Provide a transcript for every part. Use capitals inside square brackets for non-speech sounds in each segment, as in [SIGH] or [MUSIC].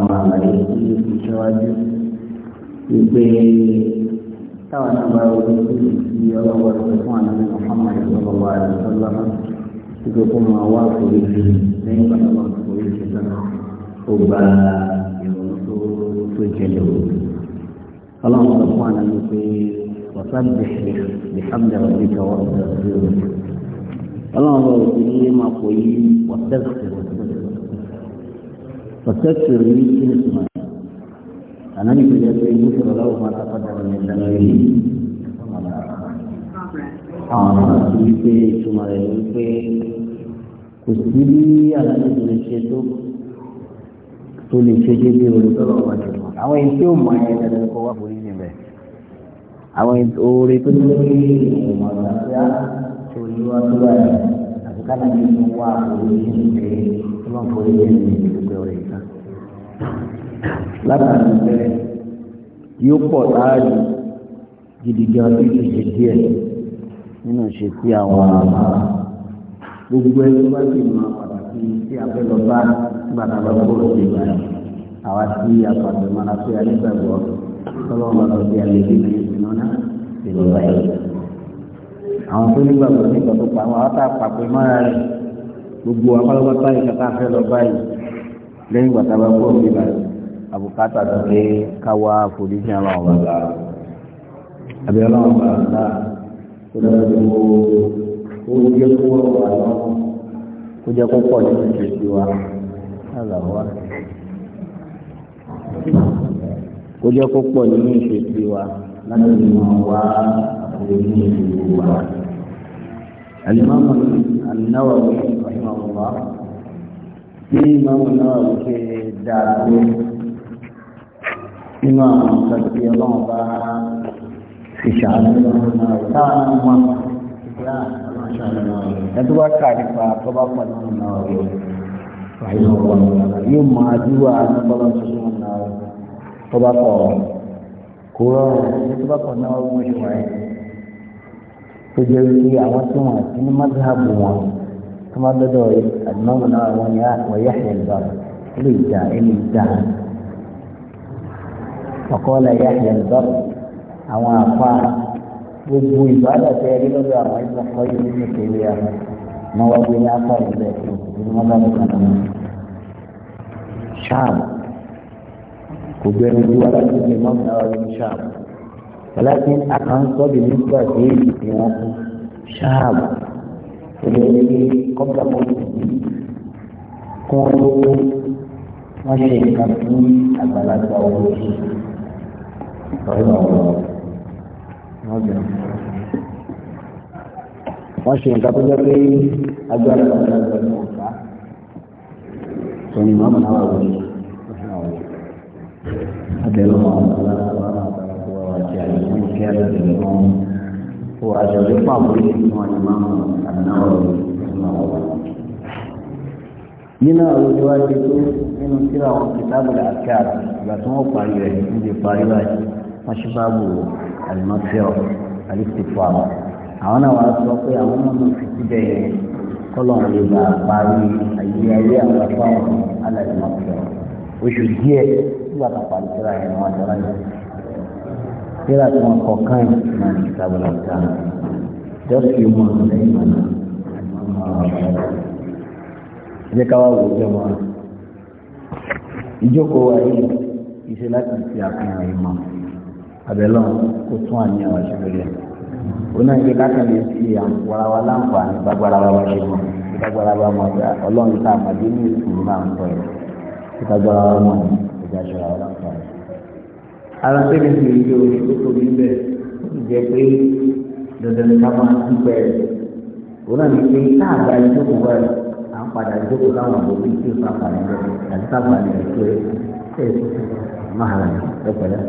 àwọn àlàyé tí ó ti ṣíwájú wípé táwọn náà bá wọlé sí ìdí ọlọ́wọ́ rẹ̀ fún àlàyé Muhammad sallallahu alaihi wasallam wípé kó máa wá àforíjì lẹ́yìn ìgbà tó máa foríjì tán ó gba ìrònú tó tó jẹlẹ̀ o. ọlọ́run sọ fún àlàyé pé wọ́sán bẹ̀rẹ̀ bìhámdà wọlé kọ́wọ́ ọ̀dọ̀ sí òun. ọlọ́run sọ òkú ní máa pò bẹ̀rẹ̀ فكثر من كل أنا نقول لك يغفر له ما تقدم من ذنبه àwọn àti wípé ìtumọ̀ rẹ̀ wípé kò sí bí aláàbò lè ṣe tó tó lè ṣe dédé orí tó lọ́wọ́ jù lọ. àwọn èyí tí ó mọ ayẹyẹ dandan kó wá borí níbẹ̀. àwọn oore tó ní lórí ìmọ̀ ìgbàlódé tó ní wá tó báyìí àti ká náà ní wá orí níbẹ̀ tó lọ́ borí níbẹ̀ ìdúpẹ́ orí látàrí ìbẹ̀rẹ̀ yóò pọ̀ láàyè gidigan bí ìṣe díẹ̀ nínú ìṣe tí àwọn àmà gbogbo ẹni wá sí ìmọ̀ pàtàkì tí a fẹ́ lọ bá nígbà tá a bá kúrò sí ìgbà yẹn àwa tí a pàṣẹ mọ́ra pé a nígbàgbọ́ tọ́lọ́ wọn lọ sí alẹ́ bí kì í sinú náà àwọn tó nígbàgbọ́ nígbà tó pa àwọn àwọn tá a pàpẹ mọ́ra rẹ̀ gbogbo akọ́lọ́gbọ́tà ìkàtà fẹ́ lọ báyìí lẹ́yìn gbàtà bá kúrò nígbà àbùkátà tó pé káwá àforíjì ọlọ́run bá gbà àbí ọlọ́run bá gbà kó lọ́wọ́ tó kó ó jẹ́ kó rọ̀ wá lọ́wọ́ kó jẹ́ kó pọ̀ nínú ìṣesí wa lálàáwá kó jẹ́ kó pọ̀ nínú ìṣesí wa láti máa wá àforíjì ìlú wa. الإمام النووي رحمه الله bí ìmọ̀mù náà ṣe dàgbé nínú àwọn nǹkan tí ọlọ́run bá fi ṣàánú lọ́rùn náà táwọn ọmọ ìgbà ṣàánú náà ẹ tó bá kà nípa tó bá pọ̀ lọ́rùn náà rẹ̀ wáyé ọ̀rọ̀ yóò máa dúwà ní bọ́lá tuntun náà tó bá pọ̀ kó rọrùn tó bá pọ̀ náà wọ́n ṣe wáyé tó jẹ́ wípé àwọn tí wọ́n àti ní mọ́tò ààbò wọn. ثم بدوي المولى ويحيى البر ليدا إليدا فقال يحيى البرد أو أفا وبو إبادة يجب أن يرى إذا خير من كيبيا ما هو أبوين أفا إبادة إذا ما شام كبيرو جوالا كبير مبنى وين شام ولكن أقنصو بالنسبة إليه شام olórí kọ́ńtà pọ̀jù kún lówó wọ́n ṣe nǹkan fún àgbàlagbà olórí ọ̀rọ̀ wọ́n ṣe nǹkan tó jẹ́ pé agbára àgbàlagbà ní ọ̀gá sọ̀rọ̀ máa ń bá wọlé abẹ́rẹ́ wọn àgbàlagbà wọn àti àyẹ̀wò kí á lè lè lọ́wọ́. وأجل فاضل وإمام النووي رحمه الله nínú àwọn ìwádìí tó nínú kíra àwọn kìtàbù àkàrà ìgbà tí wọ́n parí rẹ̀ níbi parí báyìí wọ́n ṣe bá wò alimọ́síọ̀ alísìfọ́ àwọn àwọn náà wàá sọ pé àwọn ọmọ mi fi síbẹ̀ yẹn kọ́lọ̀ ń lè bá parí ayé ayé àwọn afọ́ àwọn aláìmọ́síọ̀ oṣù díẹ̀ nígbà tó parí kíra yẹn kíra tí wọn kọ káyìn náà ní ìtàbọlà ọ̀tá jọ́sì mọ̀ lẹ́yìn mọ̀nà jẹ́ ká wá wò ó jọmọ́ ìjókòó wa yìí iṣẹ́ láti fi àfihàn ìmọ̀ abẹ́lọ́ kó tún àníyàn wá síbi rẹ̀ ó náà jẹ́ kákan lè fi wàrà wa láǹfààní bágbára wa wá ṣe mọ̀ wa mọ̀ ọlọ́run tá a mọ̀ dé ní ìsìn máa ń tọ̀ ẹ̀ ìtagbára wa mọ̀ ìjà ṣọ̀rọ̀ wa ara pé mi kìí ṣe oṣù tó tóbi ń bẹ̀ jẹ́ pé dandan ní ká máa ti bẹ̀rẹ̀ òun náà ní pé tá a gba ìjókòó wa à ń padà ìjókòó láwọn àbòbí tí ó sábà ní bẹ̀ àti sábà ní ẹ̀ṣọ́ ẹ̀ ṣe é máa rà ẹ pẹ̀lẹ́.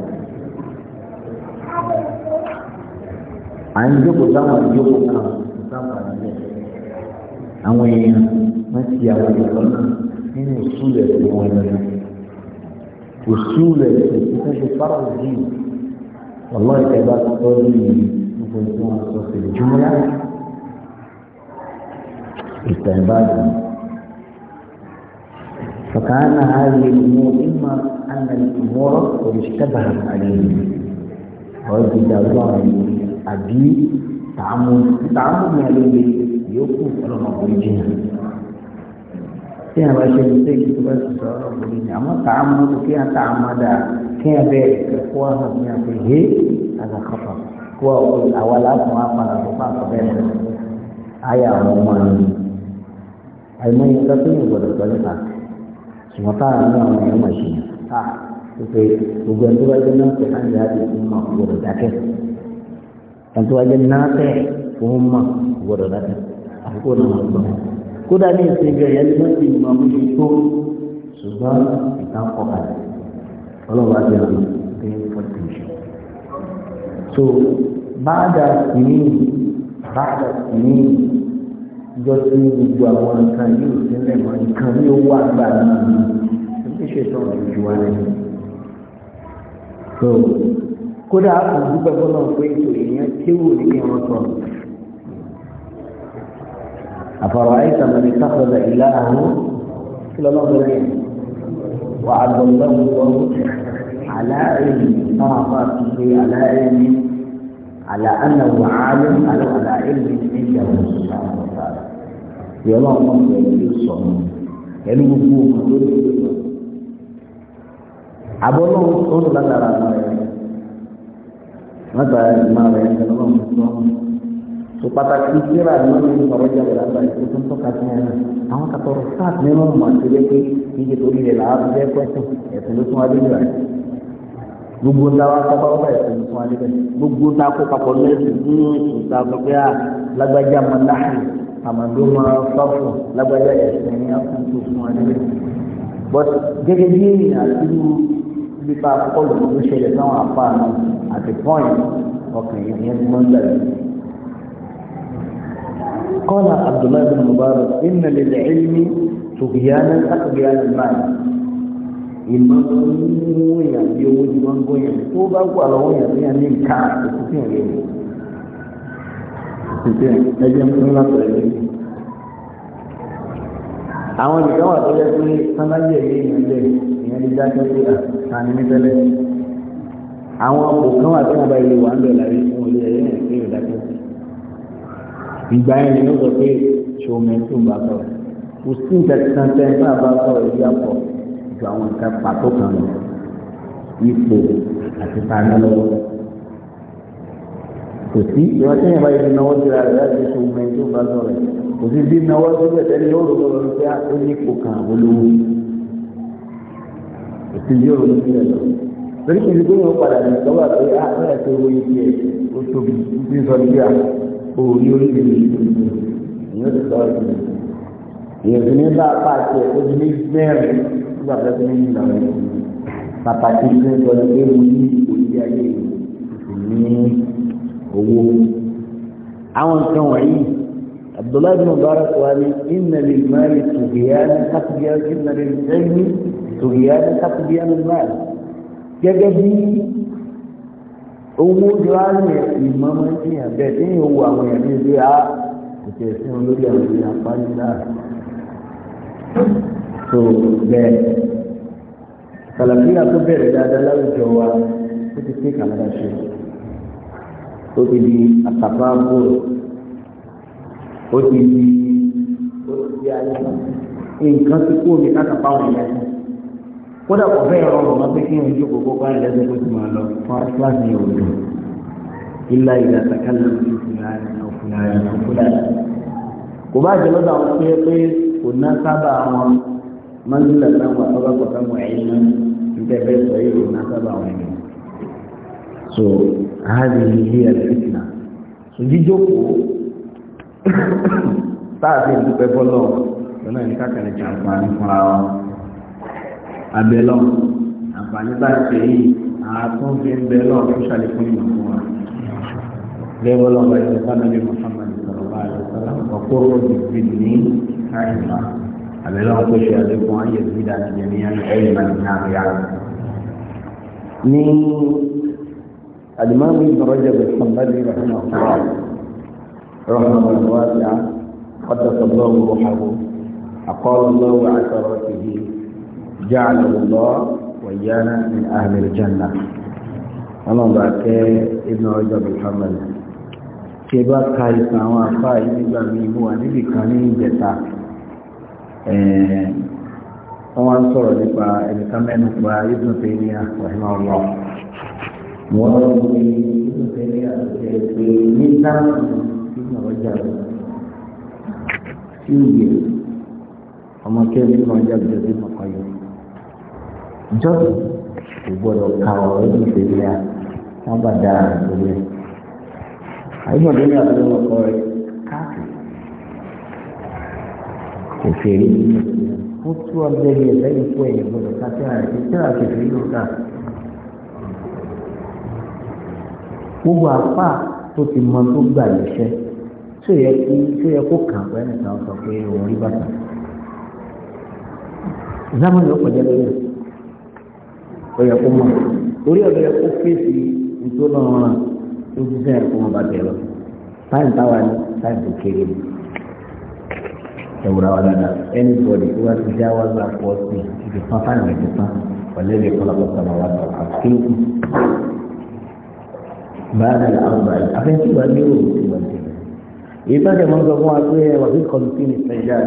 à ń jókòó ìjókòó kan sábà ní bẹ̀ àwọn èèyàn wọ́n ti àwọn ìjọba nínú ìsúlẹ̀ ìwọ̀n ìlànà. اصول الكتاب فرع الدين والله كذا تقولي ممكن في الجمله استعباد فكان هذه الامور اما ان الامور قد اشتبهت عليهم وجد الله ابي تعمد تعمل عليه يوقف على مخرجها tí a bá ṣe mistake tó bá ti sọ̀rọ̀ òbí ni àmọ́ tá a mọ́ kí a tá a mọ́ dáa kí a bẹ ẹ̀kọ́ àwọn ní àpè hé àgàkọ́fà kó àwa láàfin wa padà tó bá sọ bẹ́ẹ̀ lọ. ayé àwọn ọmọ ẹni àìmọ́ yẹn ká tó yẹ gbọ́dọ̀ tọ́lé ta ṣùgbọ́n tá a ní àwọn ẹ̀yọ́ máa ṣe yẹn tá a tó pé gbogbo ẹni tó bá jẹ́ náà tẹ̀ á ní àti fún ma gbọ́dọ̀ dákẹ́ ẹni tó bá jẹ́ náà tẹ̀ fún ma gbọ́dọ̀ dákẹ́ àfikún náà kódà ní ìsinmi ẹ̀yẹ ní wọ́n ti mọ̀ mú mi tó ṣùgbọ́n ìtàn ọ̀kà ọlọ́wà ti rìn dé fọ́tìṣọ́. so báàdà ìní báàdà ìní ìjọ tí gbogbo àwọn nǹkan yóò ti ń lẹ̀mọ́ nǹkan ní owó àgbà náà ní ṣètò ìjù wa lẹ́yìn. so kódà àkùnjú pẹ̀lú náà pé ètò ìyẹn kéwò ní kí sọ̀rọ̀. أفرأيت من اتخذ إلهه كل الله بالعين وعبد الله الله على علم طرفات على علم على أنه عالم على على علم عنده سبحانه وتعالى يا الله ما يصوم ẹnu gbogbo ọmọ lórí ìlú àbọ̀ náà ó ń lágbára rẹ̀ mọ́tà ìmọ̀ rẹ̀ ń tẹ̀lé ọmọ tó ń tó pàtàkì síra ni wọ́n ní ọ̀rọ̀ jáde lágbàá ìṣe tó ń tọ́ka sí ẹ̀ náà àwọn kàtọ́rọ̀ sáà nínú mọ̀ àti lépe níbi tó rí rẹ̀ làwọn jẹ́ pẹ́sìn ẹ̀sìn ló tún wá délé rẹ̀ gbogbo ń dáwà kọ́ báwọ́ báyìí fún fún alẹ́ bẹ́ẹ̀ gbogbo ń dáwà kó papọ̀ lẹ́sìn ní ìta gbogbo à lágbájá mọ́láhì àmàdo máa fáfù lágbájá ẹ̀sìn ní àkókò fún alẹ́ bẹ́ẹ̀. but gẹ́gẹ́ bí èèyàn àti irú nípa akọ́kọ́ lòdì tó ṣẹlẹ̀ sáwọn àpá àti point ọkàn ìyẹn ti máa ń gbà yìí. قال عبد الله بن مبارك إن للعلم تبيانا أقبيان المال ìmọ̀ wọ̀nyàn bí owó ni wọ́n ń gbọ́yàn tó bá wà lọ́wọ́ yàn ní àmì nǹka òkúté rẹ̀ ni òkúté ẹgbẹ́ fún látọ̀rẹ́ rẹ̀ ni. àwọn ìgbà wà tó yẹ pé sánáyé ẹ̀yẹ ìyẹn lẹ̀ ìyẹn lè dákẹ́ pé àní ní tẹ́lẹ̀ àwọn ọkọ̀ kan wà tí wọ́n bá ilé wà ń bẹ̀ láyé fún olè ẹ̀yẹ ìyẹn pé ìdákẹ́ ìgbà yẹn ni ó sọ pé ṣòwò mẹ́tò ń bá sọ̀rọ̀ kò sí nǹkan tẹ́ ń bá sọ̀rọ̀ ìdí àpọ̀ ju àwọn nǹkan pàtó kan lọ ipò àti tani lọ́wọ́ kò sí ìwọ tí yẹn bá yẹn náwó síra rẹ̀ láti ṣòwò mẹ́tò ń bá sọ̀rọ̀ kò sí bí náwó síbẹ̀ tẹ́lẹ̀ yóò rọ̀ lọ́wọ́ pé ah, ó ní ipò kan àbólówó kò sí yóò rọ̀ lọ́wọ́ lórí kìí gbóyè ó padà ní ìtọ́wà pé á bẹ́ẹ̀ tó wọ́n yé tiẹ̀ ó tóbi ní sọ́dún orí orílẹ̀-èdè ìṣòro ìyẹn ti sọ ọ́ ìyẹn ti ní bá a pa àti ẹ̀kọ́ ní mẹ́rin nígbà tó ti ní ìlànà pàtàkì tó ń sọ pé mo ní òye ayé ìlú ní owó. àwọn nǹkan wọ̀nyí abdullahi bin mubarak wa ni inna lil mali tughyan tasbiyan inna lil ilmi tughyan tasbiyan al mal gẹ́gẹ́ bí owó jọ á ní ìmọ̀ máa ń jìyàn bẹ́ẹ̀ tí yóò wo àwọn èèyàn ní ilé á ah, kò tẹ̀ sí wọn lórí àwọn èèyàn apáyé náà tó bẹ́ẹ̀ kàlàfíà tó bẹ̀rẹ̀ dáadáa láwùjọ wa ó ti pé kàlàdà ṣe ó ti di àtàbà bòrò ó ti di ó ti di ayé nǹkan tí kò ní kákàpá wọn kódà kò fẹ́ rọrùn wọn pé kí n ojú kókó bá lẹ́nu kó ti máa lọ fún aṣáájú yẹn òdo ilá ìlà sàkálà ní fúlàní fúlàní fúlàní. kò bá jẹ lọ́dọ̀ àwọn pé pé kò ná sábà àwọn mọ́júlá táwọn àtọ́gbàgbọ́ táwọn ẹ̀yìn náà ń tẹ́fẹ́ sọ yìí kò ná sábà àwọn ẹ̀yìn. so ààrẹ ilé ẹ̀fíìsìnà so jíjókòó [COUGHS] táàbí ìdúpẹ́ bọ́lọ̀ lọ́nà ìkákàlẹ̀ jàǹfà ní fúnra wọn. abẹ́lọ́ àǹfààní bá ṣe yìí àtún fi ń bẹ́lọ́ fún ṣàlékún ìmọ̀ fún wa lẹ́wọ́ lọ́wọ́ ẹ̀rọ sábẹ́lì Muhammad sọ̀rọ̀lá àlùsọ́lá ọ̀pọ̀ òbí fi ní àìmọ̀ abẹ́lọ́ kó ṣe àlékún ayé ìdílé àti jẹ̀míyà ní ẹ̀yìnmá ní àríyá ní alimami ìgbọ̀rọ̀jẹ̀ bẹ̀ sọ̀rọ̀lá ìrọ̀hìn ọ̀pọ̀ رحمه الله واسعة قدس الله روحه أقال الله عثراته جعله الله وإيانا من أهل الجنة اللهم بارك ابن رجب الحنبلي tí bá ka ìtàn àwọn afá yìí nígbà míì mú wa níbì kan ní ìjẹta wọ́n wá ń sọ̀rọ̀ nípa ẹnìkan mẹ́nu pa ibùdó tẹ́lẹ̀ àpọ̀hìmá ọlọ́ wọ́n ń fi ibùdó tẹ́lẹ̀ àpọ̀hìmá pé ní sáàmù ibùdó ọjà sí ìyè ọmọ kẹ́lẹ́ ọjà bẹ̀rẹ̀ sí mọ̀kànlá just kò gbọ́dọ̀ ka ọ̀rọ̀ yìí ṣèlú ya wọ́n bá dára lórí ẹ̀. àyùmọ̀ tó ní àbúrò ọkọ rẹ̀ káàkiri kèfèrí ó tú ọdún ẹbí ẹ̀fẹ́ yìí kó ẹ̀yìn gbọ́dọ̀ káàkiri àti tíra kèfèrí ló kà. gbogbo apá tó ti mọ tó gbà lẹ́sẹ̀ tó yẹ kí tó yẹ kó kàn pẹ́ nìkan sọ pé òun rí bàtà. zamani ó kọjá lórí ó yẹ kó mọ̀ orí ọ̀dọ̀ yẹ kó fèsì nítorí ọ̀ràn tó ti sẹ́yìn fún ọba bẹ̀rẹ̀ lọ táyìn táwa ni táyìn tó kéré ni ẹwùrà wa dáadáa ẹni bọ̀dì tó wá ti dá wa gba pọ̀ sí ibi tán táyìn rẹ̀ ti tán ọ̀lẹ́ lè kọ́ lọ́kọ́ sọ̀rọ̀ wa sọ̀rọ̀ àkéwù báyà ní àwọn báyìí afẹ́ntì wa ní òwò tí wọ́n ti rẹ̀ ìbáṣẹ̀ mọ́ sọ fún wa pé wà fi kọ́ńtínì sẹ́jà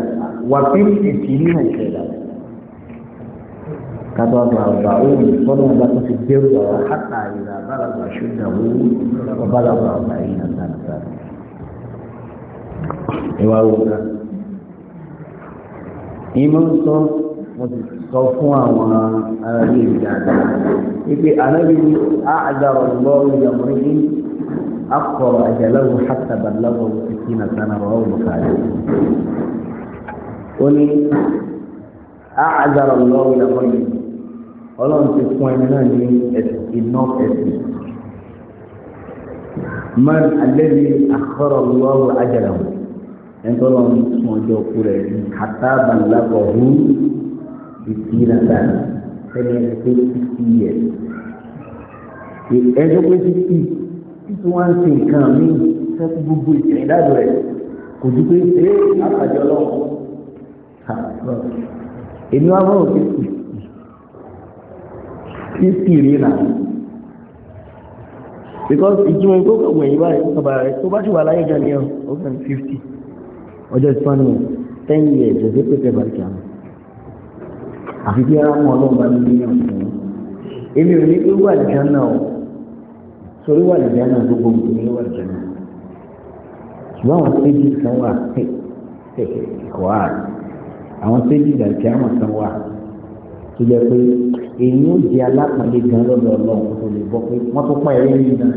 wà fi ìtì ní nàìjíríà كبر أربعون فضل لا تفكر حتى إذا بلغ شده وبلغ أربعين سنة ìwàrúgbà ìmọ̀ ń sọ mo ti sọ fún àwọn ará ní ìdájọ́ wípé ànábi ní àádọ́rọ̀ lọ́rùn ìyàmọ̀rí ní akọ̀rọ̀ àjẹlẹ́wò hàtàbàlẹ́wò títí na sanarọ̀ ọ̀rọ̀ káyọ̀ ó ní àádọ́rọ̀ lọ́rùn ìyàmọ̀rí ọlọ́run ti fún ẹni náà ní iná ẹ̀sìn. man alẹ́bi àkọ́rọ̀ lọ́wọ́ ajara wọn ẹni tó lọ́n fún ọjọ́ kú rẹ̀ ní kàtàbà lábọ̀ hù ìdí nàdà ẹni ẹni pé fifty years. ẹni tó pé fifty títí wọ́n ń nǹkan mí sẹ́kù gbogbo ìtẹ̀ ìdájọ́ rẹ̀ kò ju pé ṣé àpàjọ lọ́wọ́. èmi wá fún òkè kù kristi rèé nà because ìtumọ̀ ìkó kọ̀ wẹ̀yìn báyìí ọba rẹ̀ tó bá ṣùgbọ́n aláyé gan ni ẹ̀ ọ̀sán fifty ọjọ́ ìsúnmọ́ ten years ọ̀sẹ̀ pépè bàríkì àná àfi kí ara mọ ọlọ́run bá nílé yàn fún un èmi ò ní pé wà lìjà náà o sórí wà lìjà náà gbogbo nǹkan ní wà lìjà náà ṣùgbọ́n àwọn stéjì kan wà kọ́ àwọn stéjì dàkí àwọn kan wà tó jẹ́ pé èyí ó di alápàdé gan lọ́dọ̀ ọlọ́run kò lè bọ́ pé wọ́n tó pọ́n ẹ̀rí yìí náà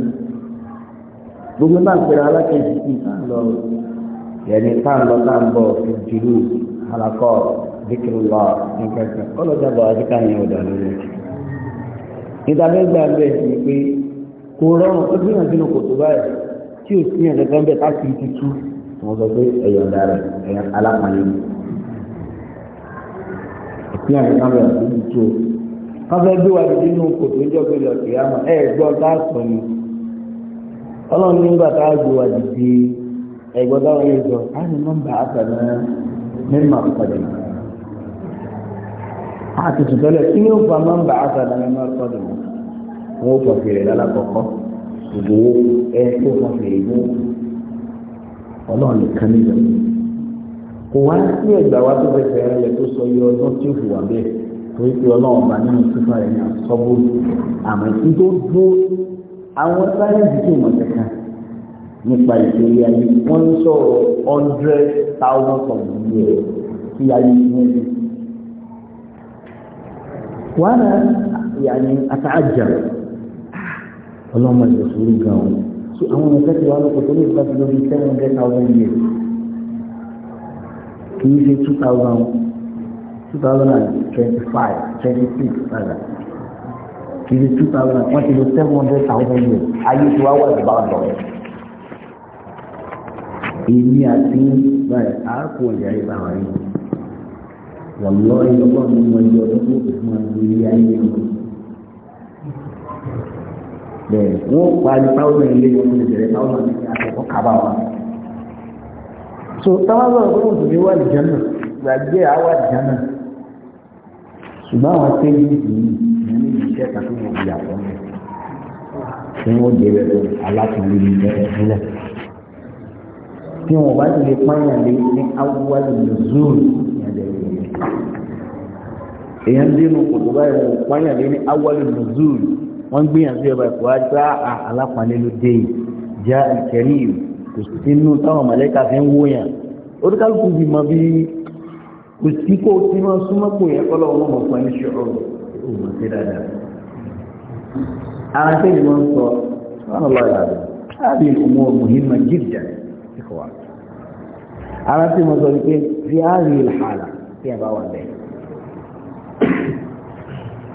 gbogbo náà pèrè alákejì sí i náà lọ yẹni tá à ń lọ tá à ń bọ̀ fi jùlù alakọ dikiru lọ nǹkan kan ọlọ́jà bọ̀ àti káyọ̀ ọ̀dà lórí ẹ̀ nítorí gbàgbé ni pé kò rọrùn tó gbìyànjú ní kòtò báyìí tí o sí ẹ̀rẹ́ kan bẹ́ẹ̀ láti ti wọ́n sọ pé ẹ̀yọ̀ ọ̀dà rẹ̀ ẹ̀yọ̀ alápàdé ìpínlẹ̀ kan wọ́n fẹ́ gbé wa dìde kòtò ń jọ́gbé lọ sí àmọ́ ẹ sọ ni ọlọ́run nígbà tá a gbé wa dìde ẹ̀gbọ́n táwọn yẹn jọ á ní nọ́mbà àtàná kí ni ó fa wọn ẹ tó nìkan níjọ kò wá sí ẹgbàá wa tó fẹsẹ̀ tó sọ ọdún tí ó fi wà bẹ́ẹ̀. torí pé ọlọ́run ọba nínú sífà rẹ̀ ní àsọ́bù àmọ́ tí tó dúró àwọn sáyẹ́ǹsì tó mọ̀ kẹta nípa ìṣòro ayé wọ́n ń sọ̀rọ̀ hundred thousand of years tí ayé ti wọ́n ti. wàhálà yàní àtàjà ọlọ́mọ ìṣòro gan-an so àwọn ọ̀sẹ̀ tí wàá lọ́kọ̀ tó lè gbàgbé lórí seven hundred thousand years kì í ṣe two thousand. 2025 26 padà it í 2000 What is lo 700,000 years ayé tí wá wà lọ́wọ́ lọ́wọ́ èmi àti báyìí àákò ọ̀yà ìgbà wà yìí wọ́n lọ ìyọ́pọ̀ mi mọ iye ọdún tó fi máa ń lé ayé wọn. bẹ́ẹ̀ wọ́n parí táwọn ilé wọn lè bẹ̀rẹ̀ táwọn àti àkọ́kọ́ kábà wọn. so táwọn bọ̀rọ̀ pé òṣèlú wà lìjánà gbàgbé àwa lìjánà ṣùgbọ́n àwọn tẹ́lẹ̀ yìí ní iṣẹ́ kan tó wọ̀ ìyàtọ̀ mi tí wọ́n jẹ́ rẹ̀ alátìlẹ́ ní ẹ̀rẹ́ sílẹ̀ tí wọ́n bá ti lè pààyàn lé ní awúwálé ní zoro èèyàn dénú kòtò báyìí wọ́n pààyàn lé ní awúwálé ní zoro wọ́n gbìyànjú ẹ̀ báyìí kò wá dá alápàlẹ́ ló dé yìí já ìkẹ́rì kò sí nínú táwọn mọ̀lẹ́ka fi ń wóyàn oríkàlùkù bí mọ bí kò sí kó o ti máa súnmọ́ pò yẹn kọ́lọ́ wọn mọ̀ fún ẹ̀ṣọ́ òmò sí dáadáa. ara tẹ́lẹ̀ máa ń sọ wọn lọ yà lọ àbí ìkùnmọ́ mùhìmà jìdà ìkọ̀wà. ara tẹ́lẹ̀ máa sọ wípé fi àárí ìlàhàlà tí a bá wà bẹ́ẹ̀.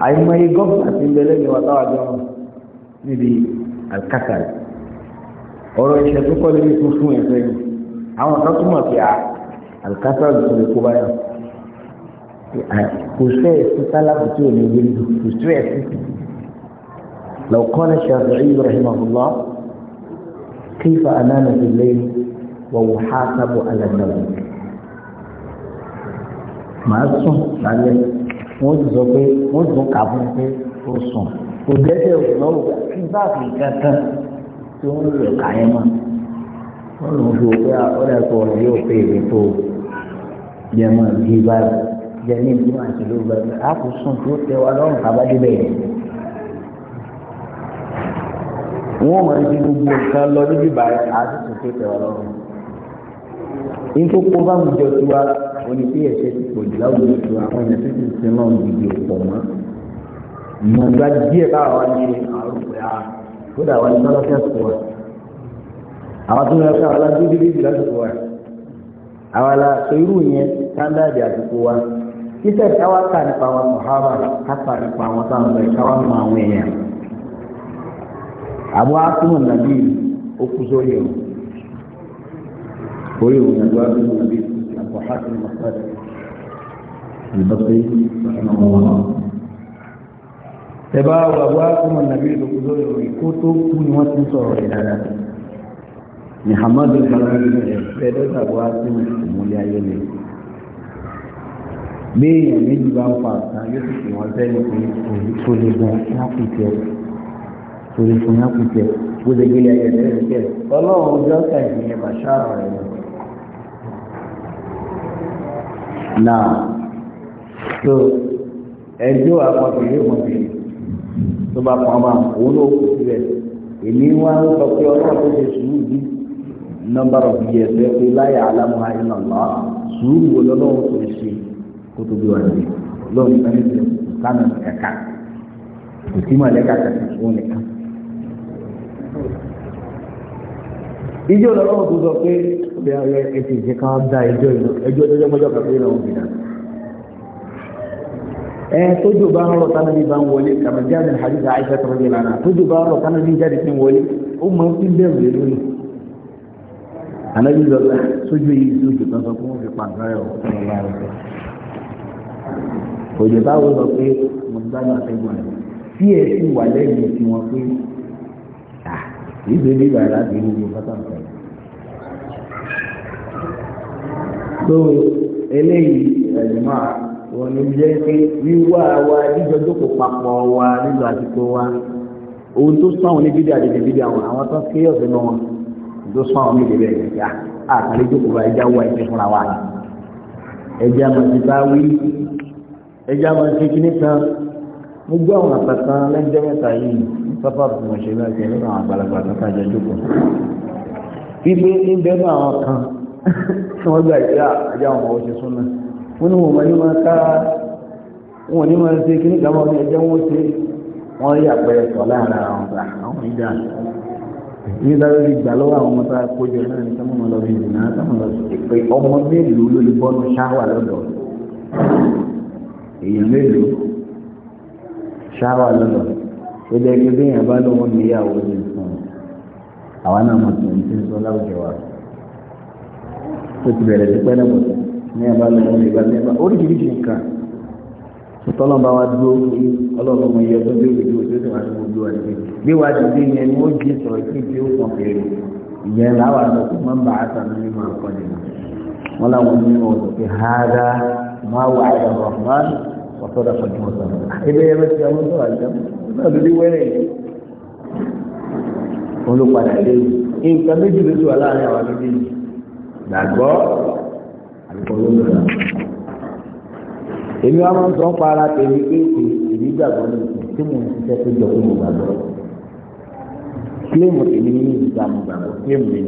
àìmọye gọ́ọ̀fù àti ìbẹ̀lẹ́ ni wàá táwà jọ níbi alkakari ọ̀rọ̀ ìṣẹ́ tó kọ́ lórí fún ẹ̀fẹ́ àwọn kan túmọ̀ sí ah, alkakari tó lè kó báyọ̀ kò sẹ́ẹ̀sì sálábù tí ò ní wí lù kò sẹ́ẹ̀sì. لو قال الشافعي رحمه الله كيف أنام في الليل وأحاسب على النوم màá sùn lálẹ́ wọ́n ti sọ pé wọ́n ti sọ kàbọ̀ pé ó sùn kò dẹ́sẹ̀ ò lọ́wọ́ kí n bá fi kankan tí wọ́n lè kà mọ́ wọ́n lòún fi òpé ọ̀rẹ́ sọ ọ̀rọ̀ yóò pé èdè tó mọ́ bí báyìí jẹ̀lí ìlú àti ìlú gbàgbé a kò sùn tó tẹ wa lọ́rùn kábà débẹ̀ yẹn. wọ́n máa di gbogbo nǹkan lọ níbi báyìí a sì sùn tó tẹ wa lọ́rùn. ní tó kó bá wùjọ tí wa oní tí ẹ̀ṣẹ̀ ti pò jù láwùjọ tí wa wọ́n yẹn tó ti sin náà gbìgbì pọ̀ mọ́. mọ̀gbà díẹ̀ káwọn wá ní àrùn a kódà wá ní sọ́lọ́sẹ̀ sùn wa. àwọn tó ń lọ sí àwọn aládùúgbò àwọn alá irú yẹn sáńdáàdì àtìkú wa kita káwá kà nípa àwọn sọ̀hábà kápá nípa àwọn sáńbẹ̀ káwá mọ àwọn èèyàn àbọ̀ átúmọ̀ nàbí ó kú sórí ẹ̀wọ̀n orí òun nàbí wá fún nàbí àbọ̀ hásìn mọ̀sálẹ̀ ìbọ̀sẹ̀ ìbọ̀sẹ̀ ọmọ tẹ́bá àbọ̀ átúmọ̀ nàbí ó kú sórí ẹ̀wọ̀n ni ni béèyàn méjì bá ń fa nǹkan yóò sì pè wọ́n sẹ́yìn pé kò lè gan yàpù tẹ kò lè fún yàpù tẹ kò lè gbélé ayẹyẹ lẹ́yìn tẹ ọlọ́run ọjọ́ kẹ̀yìn ẹ̀ bàṣà rẹ̀ lọ. náà tó ẹjọ́ àpapọ̀ yóò mọ̀ sí tó bá pọn bá òun ló kù síbẹ̀ èmi wá ń sọ pé ọlọ́run tó ṣe sùúrù bí nọ́mbà rọ̀ fẹ́ pé láyà alámúhà ìlànà sùúrù wo lọ́lọ́run tó ṣe kó tó bí wà lóye lọ́wọ́ nípa ní kánà ẹ̀ka kò sí mọ̀lẹ́ka kàkà òun nìkan. ìjọ lọ́wọ́ tó sọ pé ọbẹ̀ ayẹ ẹsẹ̀ ìṣe kan da ẹjọ́ ẹjọ́ ẹjọ́ mọ́jọ́ kàkiri náà ń bìnà. ẹ tójú bá ń rọ tánàbí bá ń wọlé kàmájá ní hadith Aisha tó rọjò lánàá tójú bá ń rọ tánàbí jáde sí wọlé ó máa ń fi bẹ́ẹ̀ wọlé lónìí. ànájú lọ sójú yìí sójú kan sọ fún òfin pàǹkárẹ̀ ọ̀ òjò báwo lọ pé mo ti bá ní àtẹ́gùn rẹ̀ tí ẹ sì wà lẹ́yìn tí wọ́n pé à kì í ṣe bí bàrà bí irú mi bàtà nǹkan tó eléyìí ẹ̀dùnmọ́ wọn ni jẹ́ pé wíwá wa jíjọjókòó papọ̀ wa nílò àsìkò wa ohun tó sọ àwọn oníbídìí àdèdè bídìí àwọn àwọn tó ké ọ̀sẹ̀ náà wọn tó sọ àwọn oníbídìí bẹ́ẹ̀ yá àkàlẹ́ jókòó wá ẹ̀jẹ̀ fúnra wa ẹja mọ̀ ẹjẹ́ àwọn ṣe kí nìkan mo gbọ́ àwọn àtàkà lẹ́jọ́ mẹ́ta yìí sábà fún ọ̀ṣẹ́ lẹ́jọ́ nínú àwọn àgbàlagbà lọ́ta jẹ́ jókòó pípé ń bẹ́nu àwọn kan tí wọ́n gbà ìyá àjá àwọn ọmọ oṣù súnmọ́ wọn ni wọn ní máa ká wọn ní máa ṣe kí nìkan mọ́ ẹjẹ́ wọn ṣe wọ́n rí àpẹẹrẹ sọ láàárín àwọn ọ̀gá àwọn ìjà ní dáre rí gbà lọ́wọ́ àwọn ọmọ tá èèyàn mélòó ṣáwà lọ́nà ó jẹ́ pé bí èèyàn bá níyàwó ní àwa náà mọ̀ tó ń tí ń sọ láwùjọ wa tó ti bẹ̀rẹ̀ sí pẹ́ ní ní ìgbà oríṣiríṣi nǹkan bá wa dúró ọlọ́run ọmọ iye ọdún bíi ìdúró tó ti wà ní gbogbo bí wàá yẹn ni ó a sọ́dá fọ́jú ọ̀sán ilé ẹgbẹ́ ti àwọn tó àjọ náà lórí wẹ́rẹ̀ wọn ló padà dé nǹkan méjì ló ti wà láàrin àwọn méjèèjì gbàgbọ́ àlùkò ló lọ́la èmi wa máa ń sọ pa ara tèmi pé èmi gbàgbọ́ ní ìsìn tí mo ń ṣiṣẹ́ tó jọ pé mo gbàgbọ́ kílèmù tèmi ní ìgbà mo gbàgbọ́ kílèmù mi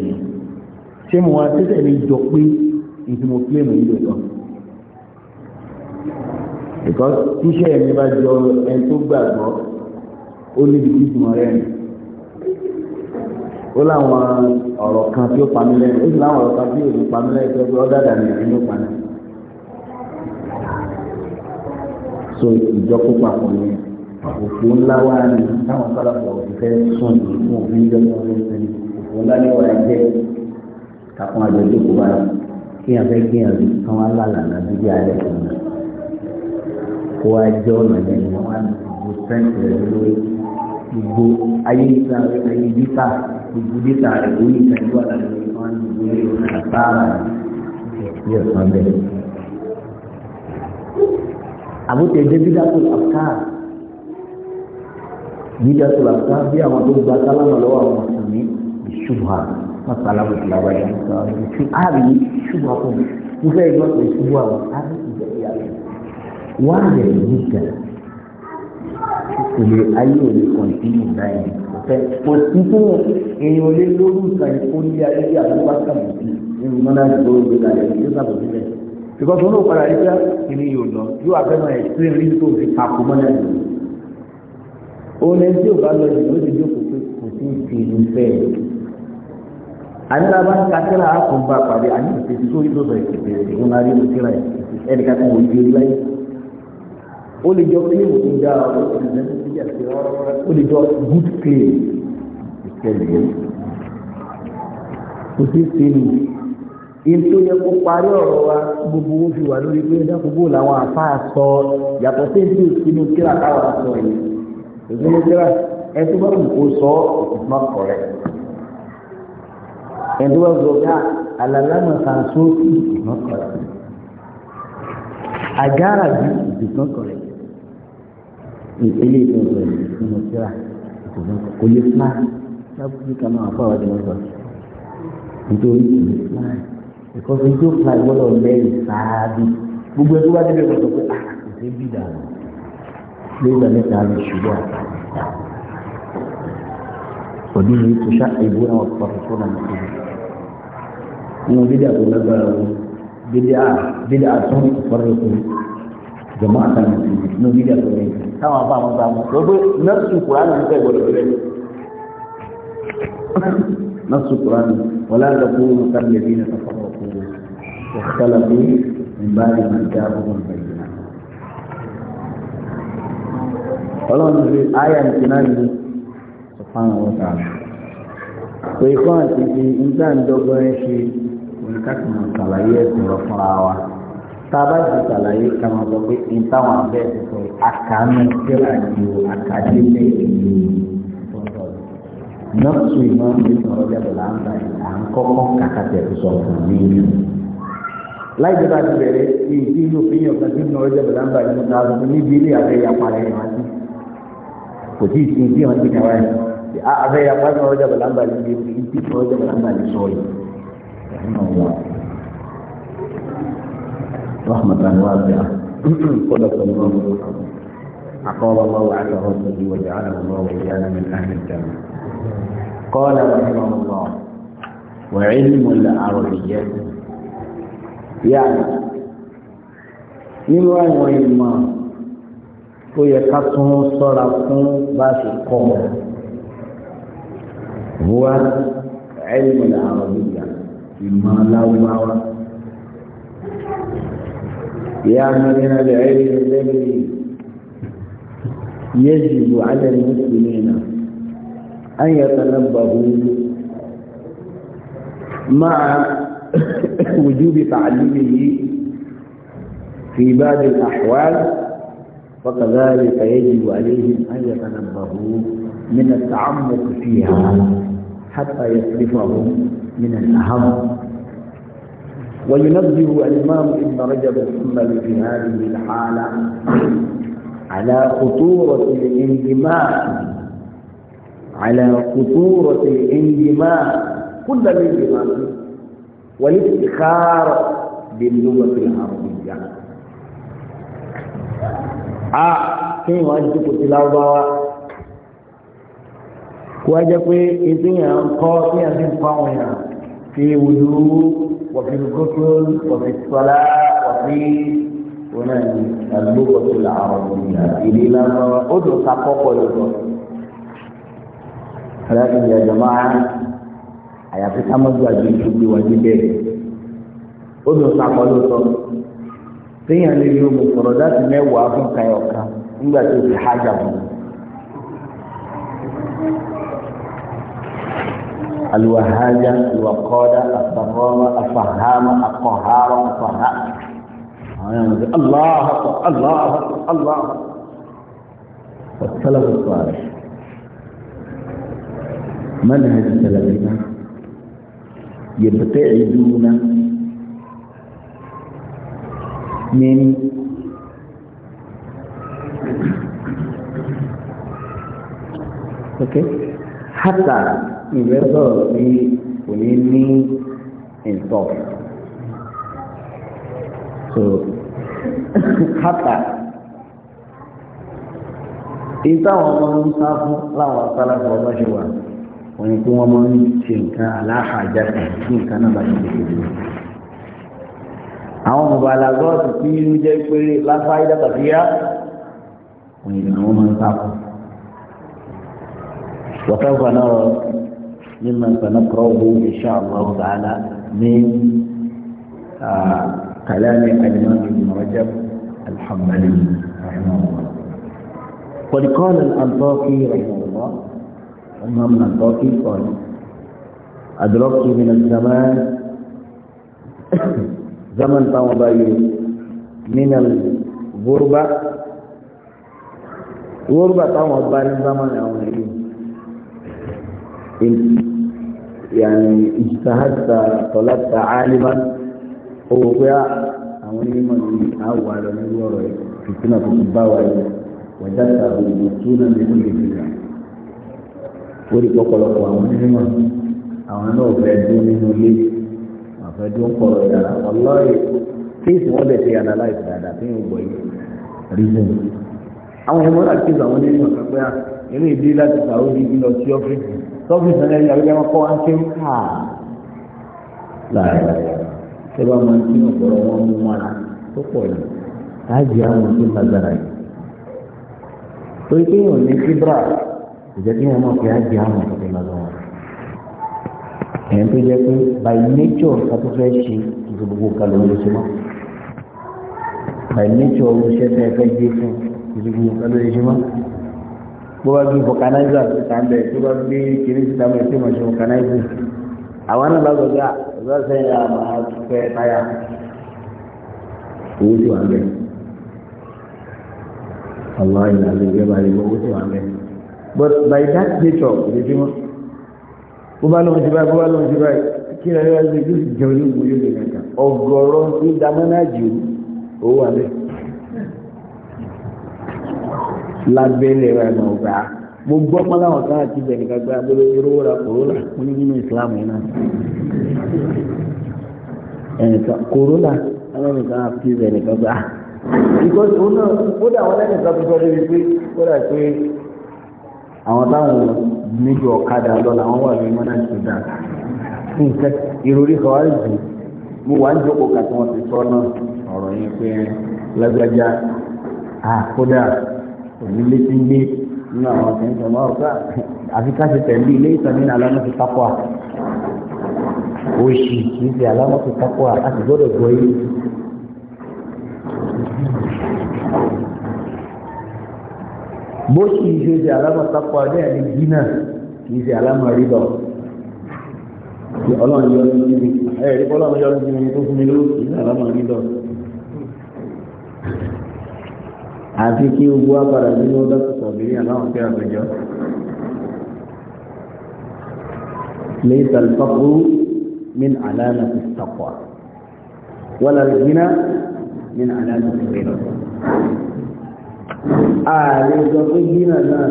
ṣé mo wá tẹ́tẹ̀ mi jọ pé ìdí kílèmù yìí lò because tíṣẹ́ ẹ̀mí bá jọ ẹni tó gbàgbọ́ ó níbi títùmọ̀ rẹ̀ nù ó láwọn ọ̀rọ̀ kan tí ó pamí lẹ́nu ó sì láwọn ọ̀rọ̀ kan tí ò pamí lẹ́nu tó ẹgbẹ́ ọ̀dà dàní ẹ̀mí ló pamí. so ìjọ kó papọ̀ ní òfò ńlá wá ní táwọn sálàpọ̀ òfìfẹ́ sùn ní fún òfin ìjọ tó ń sìn òfò ńlá ní wàá jẹ́ kakún àjọ ìjókòó báyìí kí yàn fẹ́ gbìyànjú kí wọ́n á lálàá kó wá jẹ́ ọ̀nà lẹ́yìn wọn wá gbogbo sẹ́ǹtì rẹ̀ lórí gbogbo ayé ìta rẹ̀ ayé díta gbogbo díta rẹ̀ lórí ìtẹ́jú àlàyé lórí wọn gbogbo ilé ìwọ̀n àtàrà ní ọ̀sán bẹ́ẹ̀. àbúté débídà tó àká dídá tó àká bí àwọn tó gba sálámà lọ́wọ́ àwọn mùsùlùmí ìṣubha wọn sálámà tó làwáyé wọn sálámà ìṣubha àbí ìṣubha fún mi mo fẹ́ gbọ́ pé ìṣubha wọn sálámà wáyé níkà ìlú ayé ò lè kọ̀ǹtínú náà ọ̀fẹ́ kò sí fún èèyàn lé lórí ìka ìfowópamọ́ ayé bí àbúrò bá kàmù sí nínú mọ́nà ìgbòho ìgbòho àyè tó sàbò sílẹ̀ because wọn ò padà rí pé kìnìún yóò lọ yóò àfẹ́mọ̀ extreme rí tó fi kàkó mọ́nà ìgbòho òun ẹni tí ò bá lọ yìí ó ti jókòó pé kò sí ti ìlú fẹ́ àyìnlá bá ń ka kíra àkùnbà pàdé àyìnbó ti tó ìlú bẹ̀rẹ̀ ẹ̀ ó lè jọ claim tó dáa ó lè jọ good claim ìkẹlẹ̀ yẹn kò sí sínú ètò yẹ kó parí ọ̀rọ̀ wa gbogbo wọn fi wà lórí pé ẹ̀dá gbogbo làwọn àfáà sọ yàtọ̀ sí ètò ìsinú kíra káwọn sọ yìí ìsinú kíra ẹtú bá wù kó sọ it's not correct ẹtú bá wù ká alalama kan sóòtì it's not correct agarabi it's not correct ilé ìtọ́jú ẹ̀ nínú síra kò lè fúnra lábúkú ká máa fọ àwọn ìdílé sọ nítorí kò lè fúnra ẹ̀kọ́ fi tó fúnra ìwọ́lọ̀ lẹ́yìn sáábì gbogbo ẹgbẹ́ wá débi ọ̀rọ̀ sọ pé à ah, kò sí bí dàrú lóògbà mẹ́ta lè ṣubú àtàlẹ́ òbí yìí tó ṣá ìbú náà wọ́n pọ̀ tó náà nìkan nínú bídà tó lágbára wọn bídà bídà tó ń fọ́rọ̀ tó jọmọ́ àtàlẹ́ nínú bídà tó lẹ́yìn táwọn afọ àwọn gbà mú lọ́gbẹ́ nọ́ọ̀sì kùránù nípa ìgbọ̀dọ̀ rẹ̀ nọ́ọ̀sì kùránù wọlé àlọ́kù sábìlẹ̀ bí iná sọ̀kọ̀ ọ̀kú ọ̀kọ́lá bí ìbáàlì máa dá ọmọ ìgbàlè náà. ọlọ́run ti ayà nìkiná yìí sọ̀fàn àwọn ọ̀tá pé kọ́ àti ti ń dá ń dọ́gbọ́n ṣe òǹkàtúmọ̀ sàlàyé ẹ̀sìn lọ fúnra wa tába ti sàlàyé kama sọ pé ìtawọ̀n abẹ́ ẹ̀sọ́ àkànú di ju àkàdé lẹ́yìn ìlú tọ́tọ̀ nọ́ọ̀tù iná ní sọ̀rọ̀ lẹ́bọ̀ là ń báyìí à ń kọ́kọ́ kàkà tẹ̀ sọ fún mi rí láì jẹ́ bá ti bẹ̀rẹ̀ sí ìdí inú fíyàn kan tí ń sọ̀rọ̀ lẹ́bọ̀ là ń báyìí nípa àtúntò níbi ilé àfẹ́yà parẹ́ yẹn wá sí kò tí ì sí ìdí wọn ti kàn wáyé àfẹ́yà parẹ́ sọ̀rọ̀ lẹ́bọ̀ là ń báyìí níbi ìdí sọ̀rọ̀ lẹ́bọ̀ là ń báyìí sọ̀rọ̀ رحمة واسعة [CLEARS THROAT] صدق الله عقاب الله على رسله وجعله الله وإيانا من أهل الجنة قال رحمه الله وعلم العربية يعني نيوان àwọn ìmọ̀ قصه yẹ باش القوم هو علم العربية ṣe kọ́ wá ẹ̀yìn يا من العلم الذي يجب على المسلمين أن يتنبهوا مع وجوب تعليمه في بعض الأحوال وكذلك يجب عليهم أن يتنبهوا من التعمق فيها حتى يصرفهم من الأهم وينبه الإمام ابن رجب الحمل في هذه الحالة على خطورة الانجماع على خطورة الانجماع كل الانجماع والافتخار باللغة العربية آه كيف أجدك تلاوة kó ajẹ́ pé ètò yẹn ń kọ́ tí a fi ń pa àwọn èèyàn fi wùdú وفي الغسل وفي الصلاة وفي هنا اللغة العربية إلى ما أدرك قوله لكن يا جماعة àyàfi ká má gba ju ìṣubú wa níbẹ̀. ó lọ sàmọ́ ló sọ téèyàn lè lo mùsùlùmí láti mẹ́wàá fún kayọ̀kan nígbà tó fi hájà wọn. الوهاج الوقاد الصرام الفهام الطهارة الطهاء آه، يعني الله الله الله السلف الصالح منهج سلفنا يبتعدون من اوكي حتى ìrẹ́ sọ̀rọ̀ sí kò ní ní ìtọ̀ so kátà èyí táwọn ọmọ ń sá fún láwọn asálàfọ ọmọ ṣe wà wọn ni pé wọn máa ń ṣe nǹkan aláhàjá kan tí nǹkan náà bá ti dèkè dúró àwọn ọmọ balagọ́ọ̀tì tí ń jẹ́ pé láfáì dàgbà sí yá wọn ni àwọn máa ń sá fún wọ́n fẹ́ fọ́ náà مما سنقرأه إن شاء الله تعالى من آه، كلام الإمام ابن رجب الحنبلي رحمه الله قد قال الأنطاكي رحمه الله الإمام الأنطاكي قال أدركت من الزمان [COUGHS] زمن طوبي من الغربة غربة طوبي زمن أولين يعني اجتهدت طلبت عالما ووقع أوليما أول من ورعي فتنة الباوي وجدته مسؤولا لكل بدعة orí pọpọlọpọ àwọn onímọ̀ àwọn náà fẹẹ dún nínú ilé àwọn fẹẹ dún pọrọ ìdára ọlọrin kéèsì wọn bẹ ti analyze dáadáa tí yóò gbọ́ yìí reason àwọn ẹmọ láti kéèsì àwọn onímọ̀ kápẹ́ à inú ìdí láti sàódì lọ sí tọ́jú ìsọ̀lẹ̀ yìí àwùjọ wọn kọ́ wọn ṣe ń kà á láàyè ṣé bá wọn ti ń bọ̀rọ̀ wọn mú mọ́ra tó pọ̀ yìí láàyè àwọn tó lágbára yìí torí pé èèyàn ní kíbrà ìjẹ́ kí wọ́n mọ̀ pé láàyè àwọn tó lágbára ẹ̀yìn tó jẹ́ pé by nature kátó fẹ́ ṣe ìṣòro gbogbo kalẹ̀ wọn ṣe mọ́ by nature olùṣẹ́fẹ́ fẹ́ gbé fún ìṣòro gbogbo kalẹ̀ wọn ṣe mọ́ bó bá gbé fọkànáìzà síta ń bẹ tó bá gbé kiri síta bẹ tí mo ṣe fọkànáìzà àwọn náà bá gbọdọ ọgbà sẹ́yìn yà máa fẹ táyà owó tí wà ń bẹ àwọn ìlànà ìjọba ìlú owó tí wà ń bẹ but by that nature kò lè fi mọ bó bá lóun ti báyìí bó lóun ti báyìí kí ni ẹ lọ́wọ́ ṣe kí ó sì jẹun ní ìwúyọ́ nìkan ọgọ́rọ́ ń fi dámọ́nájì owó wà bẹ́ẹ̀ lábẹ́lẹ̀ rẹ̀ mọ̀ gbà á mo gbọ́ pọ́n láwọn kan àti ibẹ̀ nìkan gba abúlé irówó ra kòrólà wọ́n ní nínú ìsìlámù yìí náà ẹnìkan kòrólà àwọn nìkan àti ibẹ̀ nìkan gba. because òun náà ó dà wọn lẹ́nu ìsọ́kùn sọ́dọ̀ bíi pé ó dà pé àwọn táwọn níbi ọ̀kadà lọ làwọn wà ní mọ́nà ìṣẹ̀dá nǹkan ìròrí kan wá jù mo wà ń jókòó kàtí wọ́n ti sọ náà ọ̀rọ̀ yẹn pé lágbájá àkódà onílé tí ń gbé nínú àwọn ọ̀sẹ̀ ìjọba ọ̀gá àfi káṣe tẹ̀lé ilé ìtàn nínú alámọ̀tò pápá oṣì kìí ṣe alámọ̀tò pápá láti gbọ́dọ̀ gbọ́ yé. bó ṣì ṣe ṣe alámọ̀tò pápá bẹ́ẹ̀ ni jìnnà kìí ṣe alámọ̀ rídọ̀ ọlọ́run yọ ọ́ ní ẹ̀rí ọlọ́run yọ ọ́ ní ẹni tó fún mi lówó kìí ṣe alámọ̀ rídọ̀. àti kí gbogbo apàdà nínú dókítà obìnrin àbáwọn tí a gbé jọ. ليس الفقر من علامة التقوى ولا الغنى من علامة الغنى ààrẹ sọ pé gínà náà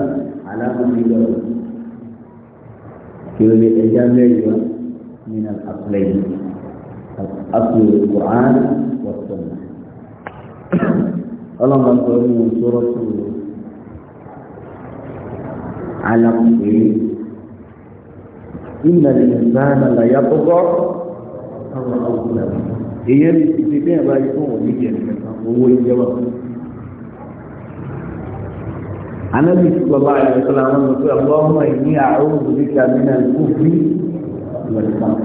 aláàmúlò kí ló lè ẹja mẹ́rin wá nínú àpẹẹrẹ àpẹẹrẹ kùrán wọ́n sọ̀rọ̀ ọlọ́mọ tó ní ìṣòro tó lò alámùpé ìmọ̀ ìgbàanà làyà tó gbọ́ ọ̀rọ̀ ọ̀gbìn èyí ẹni ti fi bẹ́ẹ̀ bá yí fún òní jẹ owó ìjẹ wa. Ànábì ti bàbá àyè sọlá wọn lọ pé ọgbà ọmọ ìní àrùn òbí kàmínà kò fi ìwọ̀n ìpamọ́.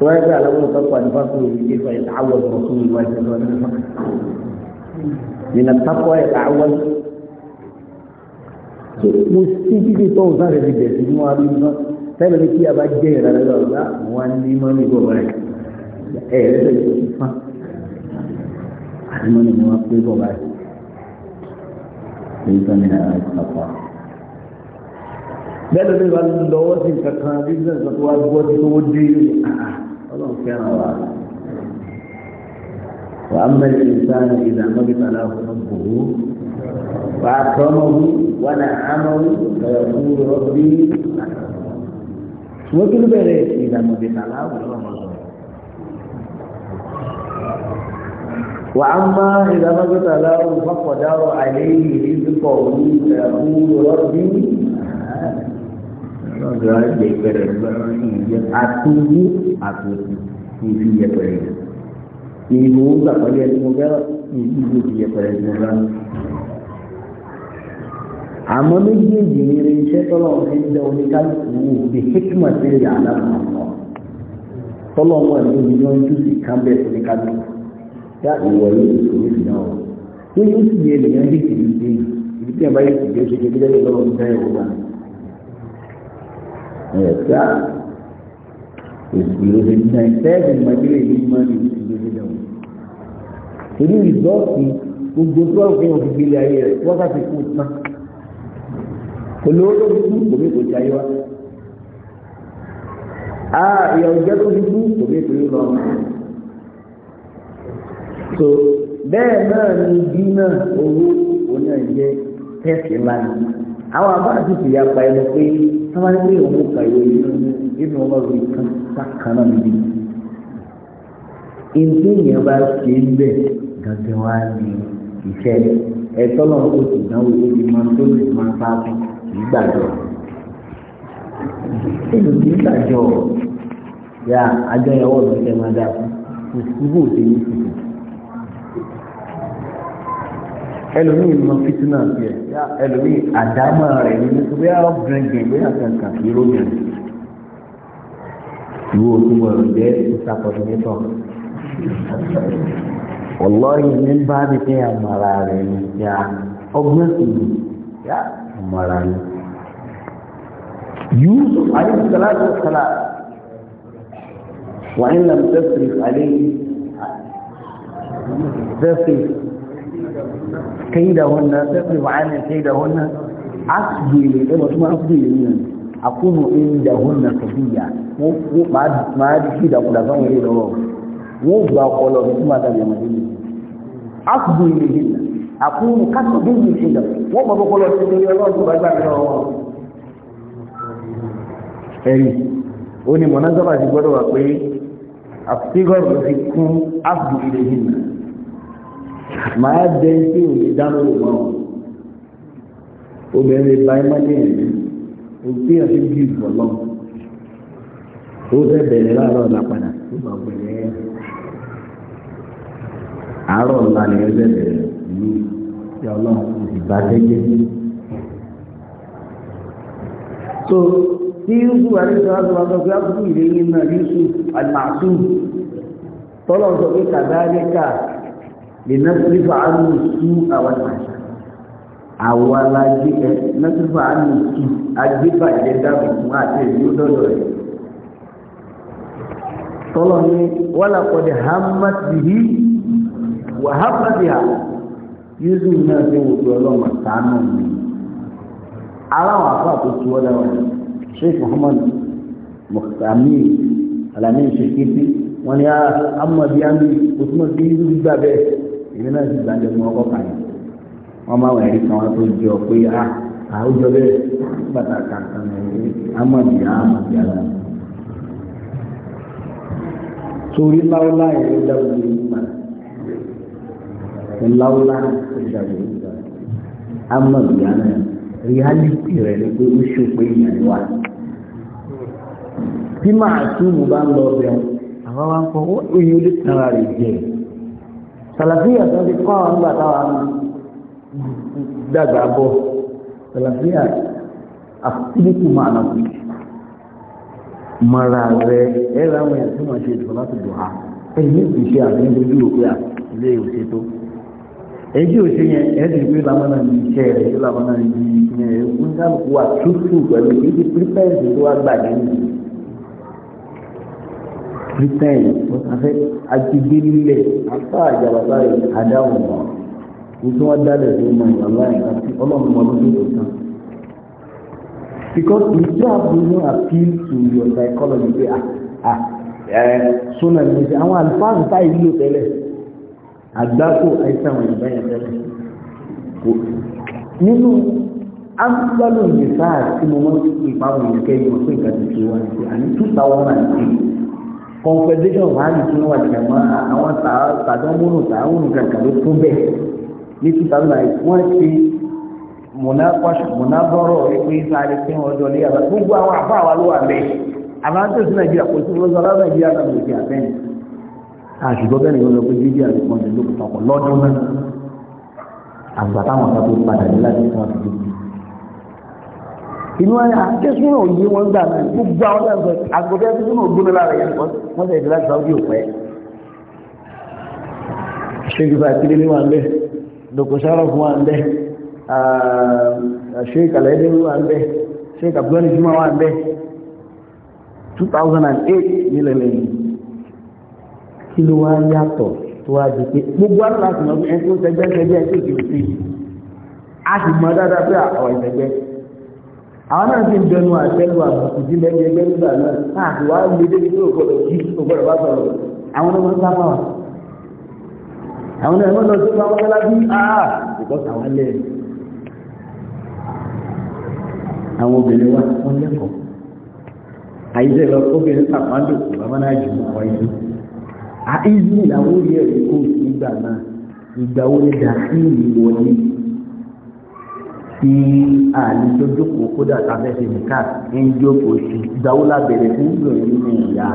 سواء على أول تقوى نفاقه كيف يتعوذ رسول الله صلى الله عليه وسلم من التقوى يتعوذ mustiki tó ń sáré dìde sí inú àbí iná tẹ́lẹ̀ ní kí a bá jẹ́ ìrẹ̀lẹ̀ lọ́la wọn ní mọ́ ní gbogbo rẹ̀ ẹ̀rẹ́ lè ṣe ti fún àti mọ́ ní mọ́ pé bọ̀ báyìí èyí tó ní ara ìpàpà. bẹ́ẹ̀ ló ní ìwà lọ́wọ́ sí kankan business kan tó wá gbọ́ tí owó dé ọlọ́run fẹ́ràn wa. wà á mẹ́rin ìsán ìdààmú ìtàlá fún ọgbọ̀wọ́ wà á tọ́mọ̀wú wà á hàmọ̀wú lọ́yọ̀ fún rọ́bì. ṣùgbọ́n kí ló bẹ̀rẹ̀ ìdààmú ìtàlá fún ọgbọ̀wọ́. وأما إذا ما قلت له فقدر عليه رزقه فيقول ربي lọ́dọ̀ yẹpẹrẹ lọ́rùn àtúwú àtòsí ìfi yẹpẹrẹ ìlú gbà pẹ̀lú ẹni mo fẹ́ ìlú ìlú ti yẹpẹrẹ ti mo fẹ́. àmọ́ méjèèjì ní ilé iṣẹ́ tọ́lọ̀ fi ń dẹ oníkálukú wò bí hikima ti rí àlàfà ọ̀ tọ́lọ̀ wọn ní omi yọ ojú sí kábẹ́ oníkálukú yá ìwọ̀ yìí kò ní ìdá ọ̀ tó yóò sì yẹ ènìyàn bí kìí dé ibi tí ẹ̀ bá yẹ kìí dé oṣù kékeré lọ́wọ́ ń bẹ́ẹ̀ wọ́n ẹ̀ka èsì lóde ní ẹ̀ẹ́dì mọ́tílẹ̀ ní mọ́ni èsì lóde náà wò. torí ìdọ́ọ̀tì gbogbo tó àwọn èèyàn fi gbélé ayé rẹ̀ wákàtí kò tán olówó tó fi kú kò mí kò jayé wá. a ìyàwó jẹ́ tó fi kú kò mí kò yé lọ. so bẹ́ẹ̀ náà ni bí náà owó oní ẹ̀jẹ̀ tẹ̀sí lánàá àwọn abára ti fi apá ẹnu pé sábàá pé òun kà ìwé inú ọmọ rẹ kan sákànnà níbi ìdí yẹn bá ṣe ń bẹ gàgẹ́ wá ní ìṣe ẹ̀tọ́ náà ó sì náwó lórí máa tó lè máa bá ìgbàjọ èlò tí ń gbàjọ ya àjọyẹ̀wò ọ̀dọ̀ ṣe máa dà kò síbò ṣe ní ṣùgbọ́n ẹlòmíì mọ fitinà tiẹ̀ ẹlòmíì àdámà rẹ̀ ní nítorí àwọn obìnrin gbìn bóyá kankan kì í lóbìnrin ìwọ òtún mọ ọ̀rọ̀ jẹ ìsàkọsọmẹtọ wọlọrin ní bá mi pé àmàrà rẹ̀ ní ya ọgbọ́n sì ní ya àmàrà ni Yusuf alayhi salatu wa salam wa in lam tasrif alayhi كيدهن تقف عن كيدهن أفضي لي إما ثم أفضي لي أكون عندهن صبيا ما عاد كيدا قد أفهم إلى الله وبا قولوا ثم أتبع مدينة أفضي لي أكون كصبي كيدا وما بقولوا ثم أتبع مدينة ẹ̀rí ó ní mọ̀nàzọ́bà ti gbọ́dọ̀ wà pé àfígọ́rù fi kún áàbù ilé yìí máa dẹ tí ò lè dáná lò obìnrin lè ba àti bí ìbọn ó fẹ́ bẹ̀rẹ̀ láàárọ̀ ọ̀la tó bá bẹ̀rẹ̀ ẹ̀ àárọ̀ ọ̀la ni ẹ fẹ́ bẹ̀rẹ̀ ìlú tí ọlọ́run kò so tí yusuf àdéhùn náà yusuf لنصرف عنه السوء والفحشاء àwọn alájí ẹ lọ́sífà ánì kí agbébàjẹ́ dábò fún àti ìlú dọ́dọ̀ rẹ̀ tọ́lọ̀ ní wọ́lá kọ́dẹ̀ hamadihi wà hamadiha yíṣù náà ṣe wò pé ọlọ́mọ sàánù mi aláwọ̀ afọ àtúntò wọ́lá wọn sheikh muhammad mọ̀kàmí alamin ṣèkìtì wọn ni ah, amadi ami osùmọ̀ sí yíṣù gbígbà èmi náà sì gbàgbé fún ọkọ kan yìí wọn máa wẹ̀rí kan wọn tó jọ pé ah, a àwùjọ bẹ́ẹ̀ bàtà kankan ẹ̀ amọ̀bìyà amọ̀bìyà náà. torí láwùlá yẹn ló dáwọ́ ní ìgbà láwùlá ló dáwọ́ ní ìgbà amọ̀bìyà náà reality rẹ̀ ni pé ó ṣòpé ìyàn wa. bí màá túmù bá ń lọ bẹ̀rù àwọn wa ń kọ́ ó yẹ ó lè jẹ́ ẹ̀. sàlàfíà tó ti kọ́ àwọn nígbà táwọn dàgbà bọ̀ sàlàfíà mara rẹ ẹ láwọn èèyàn tó máa ṣe ìtọ́ láti dùn á ẹ̀yìn eji ìṣe àfihàn lójú òkú à ilé ìwòsè tó èyí ò ṣe yẹn ẹ̀ẹ́dì christian afẹ́ akidélélẹ̀ afẹ́ àjàbàbà rẹ̀ adáhùn wọn nítorí wọn dálẹ̀ tó mọ ìwàlá yẹn àti ọlọ́run wọn lójú tó tán. because you still have to know appeal to your psychology pé ah ah súnà ní ṣe àwọn àlùfáàsì táyì nílò tẹ́lẹ̀ àgbákò àìsàn àwọn ìgbà yẹn tẹ́lẹ̀ nínú amúgbálò ìgbésà tí mo mọ́ sí ìpamọ́ ìkẹyìn ọ̀pẹ́ ìgbà tuntun wa ní two thousand and eight confederation of hali tí wọ́n wà jìnnà mọ́ àwọn tàdánwòrò tàdánwòrò kankan ló tún bẹ́ẹ̀ ní two thousand and eight wọ́n ṣe mọ̀nàbọ̀rọ̀ wípé sáré pé wọ́n jọ lé àbá gbogbo àwọn àbá wa ló wà bẹ́ẹ̀ àbáńtò sí nàìjíríà kò sí lọ́sọ̀ aláwọ̀ nàìjíríà náà lòdì àtẹ́yìn àṣùgbọ́n bẹ́ẹ̀ ni wọ́n lọ pé jíjí àlùkò ọ̀dẹ̀ ló kọ̀ lọ́dún náà àgbà táwọn ọ̀gá tó padà dé láti fún àtúntò inú ayé àjẹsùn náà yé wọn gbà náà gbogbo àwọn ọ̀dọ́ àgbọ̀dọ́ ẹ̀sùn náà gbóná lára yẹn kọ́ wọ́n sẹ̀ ìdílá sáwọ́dì òpẹ́. sheikh fatiri ni wọn bẹ dr sharaf wọn bẹ sheikh alayedi wọn bẹ sheikh abdul juma wọn bẹ 2008 nílẹ̀ lẹ́yìn kí ló wá yàtọ̀ tó wá di pé gbogbo àwọn àti ọmọ ẹni tó ń sẹgbẹ́ àwọn náà ti ń bẹnu àtẹ́lu àbùkù sí lẹ́nu ẹgbẹ́ nígbà náà káàkì wá lé débi tó gbọdọ̀ yí gbọdọ̀ bá sọ̀rọ̀ àwọn náà máa ń sábà wà àwọn náà máa ń lọ sí ọgbà mọ́tálá bí áà ìkọ́ sàwọn lẹ̀ àwọn obìnrin wa wọ́n lẹ́kọ̀ọ́ àyíṣẹ́ lọ obìnrin pàpà lòkù bàbá náà jù ọkọ̀ ìlú àìsí làwọn olè ẹ̀kọ́ ìgbà náà ìgbà wo ni dàkí ìwọlé tí àní tó jókòó kódà tàbí ẹsẹ̀ nìka ń jókòó sí ìdáwó lábẹ́rẹ́ fún ìròyìn nínú ìyá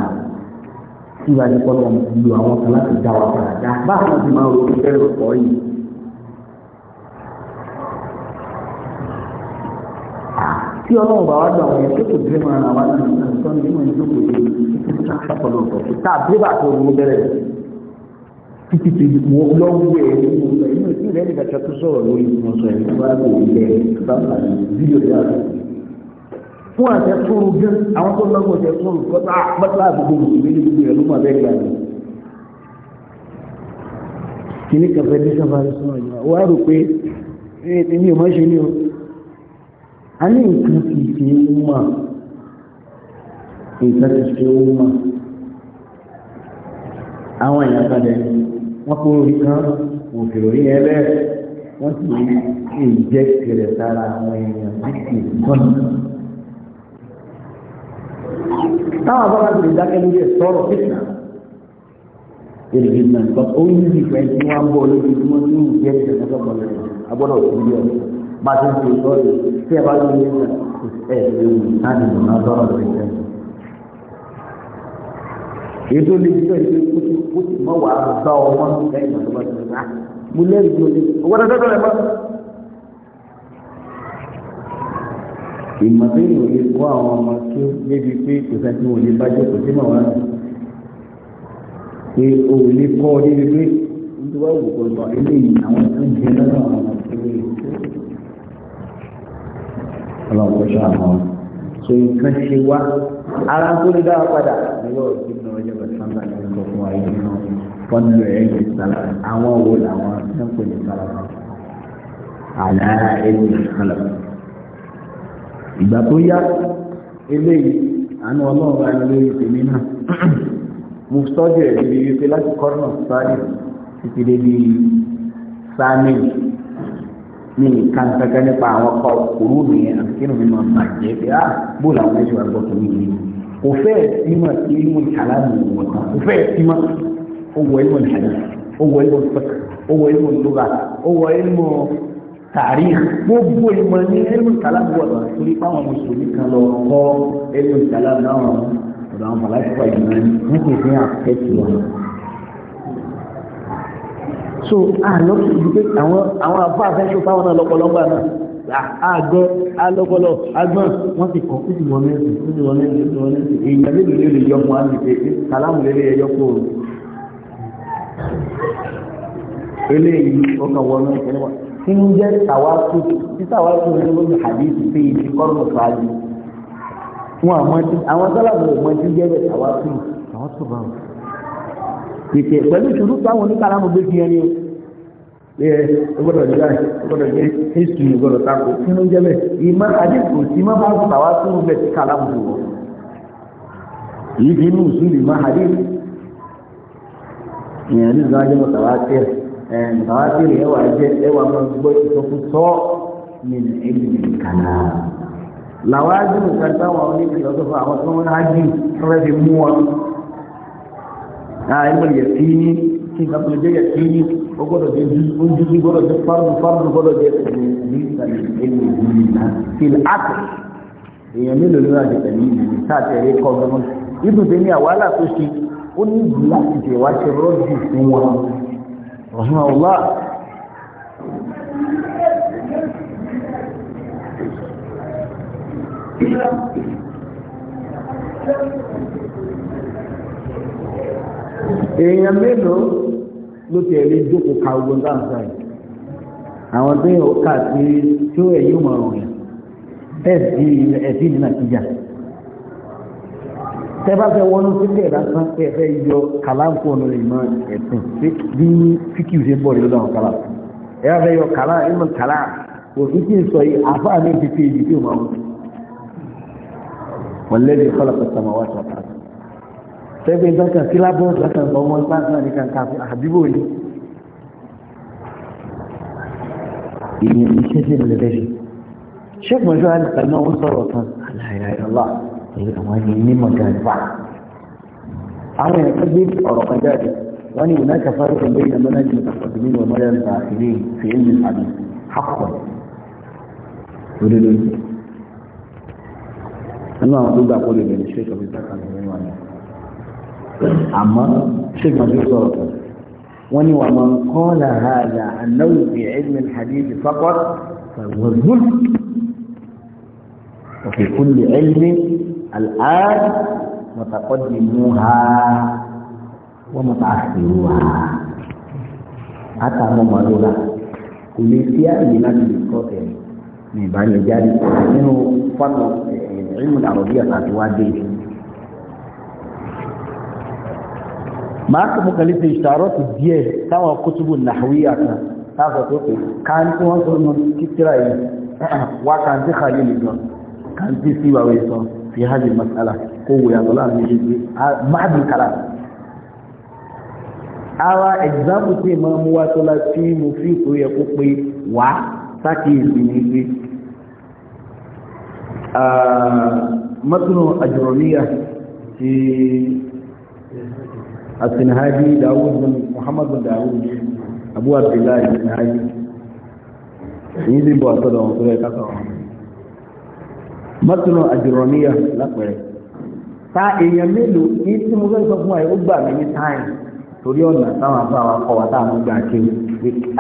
síwájú kọ́lọ́ lu àwọn kan láti dá wa padà dá báwọn ti máa ro fẹ́rẹ̀ ọ̀pọ̀ yìí. tí ọlọ́run bá wá lọ àwọn ẹ̀ṣẹ́ tó bí máa ra wá ní ìtọ́ ní ìmọ̀ ìjókòó yìí títí tí a sọ̀rọ̀ ọ̀tọ̀ sí tá a bí bàtà òun bẹ̀rẹ̀ títí tí mo lọ́wọ́ ẹ̀ nínú ìlú tí rẹ̀ nìkan tó sọ̀rọ̀ lórí ìmọ̀ sọ ẹ̀rí wá lè ilẹ̀ bàbá fídíò tó wà lọ. fún àṣẹ tóoru gan àwọn tó lọ́gbọ̀n jẹ tóoru kọ́tà pátá àgbègbè mùsùlùmí ní gbogbo ìrẹ̀lú màbẹ́ gbà ní. kìnní kan fẹ́ dé sábà rẹ̀ sọ̀rọ̀ yìí wá rò pé èmi ò má ṣe ní o. a ní nǹkan kì í ṣe ń mà nǹkan kì í ṣe ń mà àwọn èèyàn padà wọ́n kó orí kan òfin orí yẹn lẹ wọn sì rí èjẹ kẹrẹ sára àwọn èèyàn títí gbọn. táwọn abọ́lá ti lè dákẹ́ lórí ẹ̀ sọ̀rọ̀ fífà èrèké náà nǹkan ó ní ìfẹ́ tí wọ́n ń bọ̀ lórí tí wọ́n ní ìjẹ́ ìjẹ́ lọ́gbọ̀n lẹ́yìn agbọ́dọ̀ òfin bí ọ̀sẹ̀ bá ti ń ṣe sọ́ọ̀rọ̀ tí ẹ bá lóye náà ẹ̀ ẹ̀ ẹ̀ ẹ̀ ẹ̀ ẹ̀ èyí tó lè jẹ́ ìwé kótó kótó mọ́ wà á bá ọmọ lẹ́yìn ọ̀dọ́ bá ti rà mo lẹ́rìí tó lè owó dandan lọ́lẹ̀ mọ́. ìmọ̀tẹ́ yìí ò lè kó àwọn ọmọ tó débi pé kò sá tí wọ́n lè bá jẹ́ kò sí mọ̀ wá pé o ò lè kọ́ ọ débi pé nítorí wọ́n wò kó lọ eléyìí àwọn tó ń jẹ lọ́dọ̀ àwọn ọmọ tó lè kó. ọlọ́run kò ṣe àwọn so nǹkan ṣe wá ara tó lè dára padà nígbà òsì àlàyé nínú fọ́nlù ẹ̀yìn sálàmù àwọn wo làwọn ẹ̀kọ́ ní sálàmù àlà ẹ̀yìn sálàmù. ìgbà tó yá eléyìí àánú ọlọ́run ayé lórí tèmi náà mo tọ́jú ẹ̀ níbi wípé láti kọ́rọ́nà sáré títí débi sáàmì ní nǹkan kankan nípa àwọn ọkọ̀ nìyẹn àti kí ni mo máa bàjẹ́ pé á bó làwọn ẹ̀ṣọ́ àgbọ̀tò mi yìí kò fẹ́ ìmọ̀ ilmu kàlámù wọ̀tá kò fẹ́ ìmọ̀ ó wọ ilmu hadith ó wọ ilmu fiqh ó wọ ilmu lugha ó wọ ilmu tàríkì gbogbo ìmọ̀ ní ilmu kàlámù wọ̀tá torí páwọn mùsùlùmí kan lọ kọ́ ilmu kàlámù náà ọ̀dọ̀ àwọn màláṣípà ìmọ̀ ní kò fi hàn kẹ́tì wọn. so àlọ́ àwọn àwọn afọ àfẹ́sọ fáwọn náà lọ́pọ̀lọpọ̀ náà àgbọ́ alọ́pọ̀lọ́ agbọ́n wọ́n ti kọ́ kó sì wọ́n mẹ́sìn kó sì wọ́n mẹ́sìn kó sì wọ́n mẹ́sìn èèyàn mélòó ló lè yọ fún wa nípe kàlámù lélẹ̀ ẹ̀yọ́ kó o. eléyìí ọkàn wọnú ìpínlẹ̀ wa kí ń jẹ́ tàwátù tí tàwátù rẹ̀ ló ń hàdíìsì pé ìdí kọ́rùn fàájì. wọn àwọn sálábù ọmọ tí ń jẹ́ tàwátù tàwátù báwọn. pèsè pẹ̀lú ìṣòro táwọn oníkàlámù gbé pé ẹ gbọ́dọ̀ jẹ́ àì gbọ́dọ̀ jẹ́ èsù gbọ́dọ̀ tako kí ló ń jẹ́ bẹ́ẹ̀ ìmọ̀ àdínkù tí má bá gbà wá tó ń bẹ̀ tí kàlá bù wọ́ yìí di inú ìsú ìmọ̀ àdínkù ìyẹn ní ìdájọ́ mọ̀tàwá tẹ̀ ẹ̀ mọ̀tàwá tẹ̀ ẹ̀ wà jẹ́ ẹ̀ wà mọ̀ gbọ́ ìsọkún sọ́ ní ẹ̀yìn kàlá làwájú nǹkan táwọn onífìlọ́sọ́fà ó gbọ́dọ̀ jẹ́ ojú bí gbọ́dọ̀ jẹ́ fárùn fárùn gbọ́dọ̀ jẹ́ èèyàn mélòó ló rájẹ pẹ̀lú ìlú táàtì ẹ̀rí kọ́ gbọ́n ibùn tó ní àwàlà tó ṣe ó ní ìlú láti tẹ̀ wá ṣe rọ́ọ̀dù fún wọn ọ̀hún ọ̀la èèyàn mélòó ló ti ẹ̀rí jókòó ka ogun dáńsá yìí àwọn tó yẹ ká sí tí ó ẹ̀yìn mọ̀ ọ̀rùn ẹ̀dí ẹ̀dí ní nàìjíríà tẹ bá fẹ́ wọnú sílẹ̀ lásán pé ẹ fẹ́ yọ kàláǹfò ọ̀nà ìmọ̀ ẹ̀sìn bí fíkìú ṣe ń bọ̀ lọ́dọ̀ àwọn kàláǹfò ẹ bá fẹ́ yọ kàlá ìmọ̀ kàlá òfin tí ń sọ yìí àfáà ní ti fi èyí tí ó máa ń wọlé ní kọ́lá pẹ̀sàmáwá ṣàkàtà tẹ́gbẹ́ ìgbàkan sílábọ̀ọ̀sì látàgbà ọmọ ìpáàkì náà ní kankan àdúgbò ni èèyàn iṣẹ́ sí ìlú lẹ́yìn ṣẹ́gun ọjọ́ àdìsá náà wọ́n sọ̀rọ̀ kan aláìláìlá èyí àwọn ẹni mímọ̀ gàdùbà àwọn èèyàn tó gbé ọ̀rọ̀ kan jáde wọ́n ní ìwọ̀n náà fáró kan bẹ́yìn ọmọ náà ní ìtàkùn nínú ọmọ yẹn ta ilé fi ẹ̀mí àmì hakọ̀ àmọ́ ṣégun àti sọ̀rọ̀ kan wọ́n ní wàá máa ń kọ́ làhà àlà ànáwó bí ẹ̀dùn hadith faqat fàgbọ́n وفي كل علم الآن وتقدموها ومتأخروها àtàwọn ọmọlúwa kò lè sí àyè láti lè kọ́ ẹ̀ ní ìbánijá nínú fọ́nà ìrìnàròbí àtàtúwádé yìí. máàkì mú kàlí sí ìṣàrọ́ ti díẹ̀ táwọn kútùbù nàhúyà kan táàfẹ́ tó pé káàntí wọ́n tó nù kíkíra yìí wá káàntí kàlí nìkan káàntí sí ìwàwé sọ fi hajj masala kó wòye àtọ́lá mi yé pé máàbì kàlá. ara ẹ̀gbáàmù tí máa mú wá tọ́lá tí mo fi ìtò yẹ kó pé wá ti السنهادي داود بن محمد بن داود أبو عبد الله السنهادي يزي بو أصدر وصدر كثر متن الجرمية لقوة ta èèyàn mélòó ní tí mo fẹ́ sọ fún ẹ ó gbà mí ní táìmù torí ọ̀nà táwọn afáwọn akọ wa táwọn gbà ké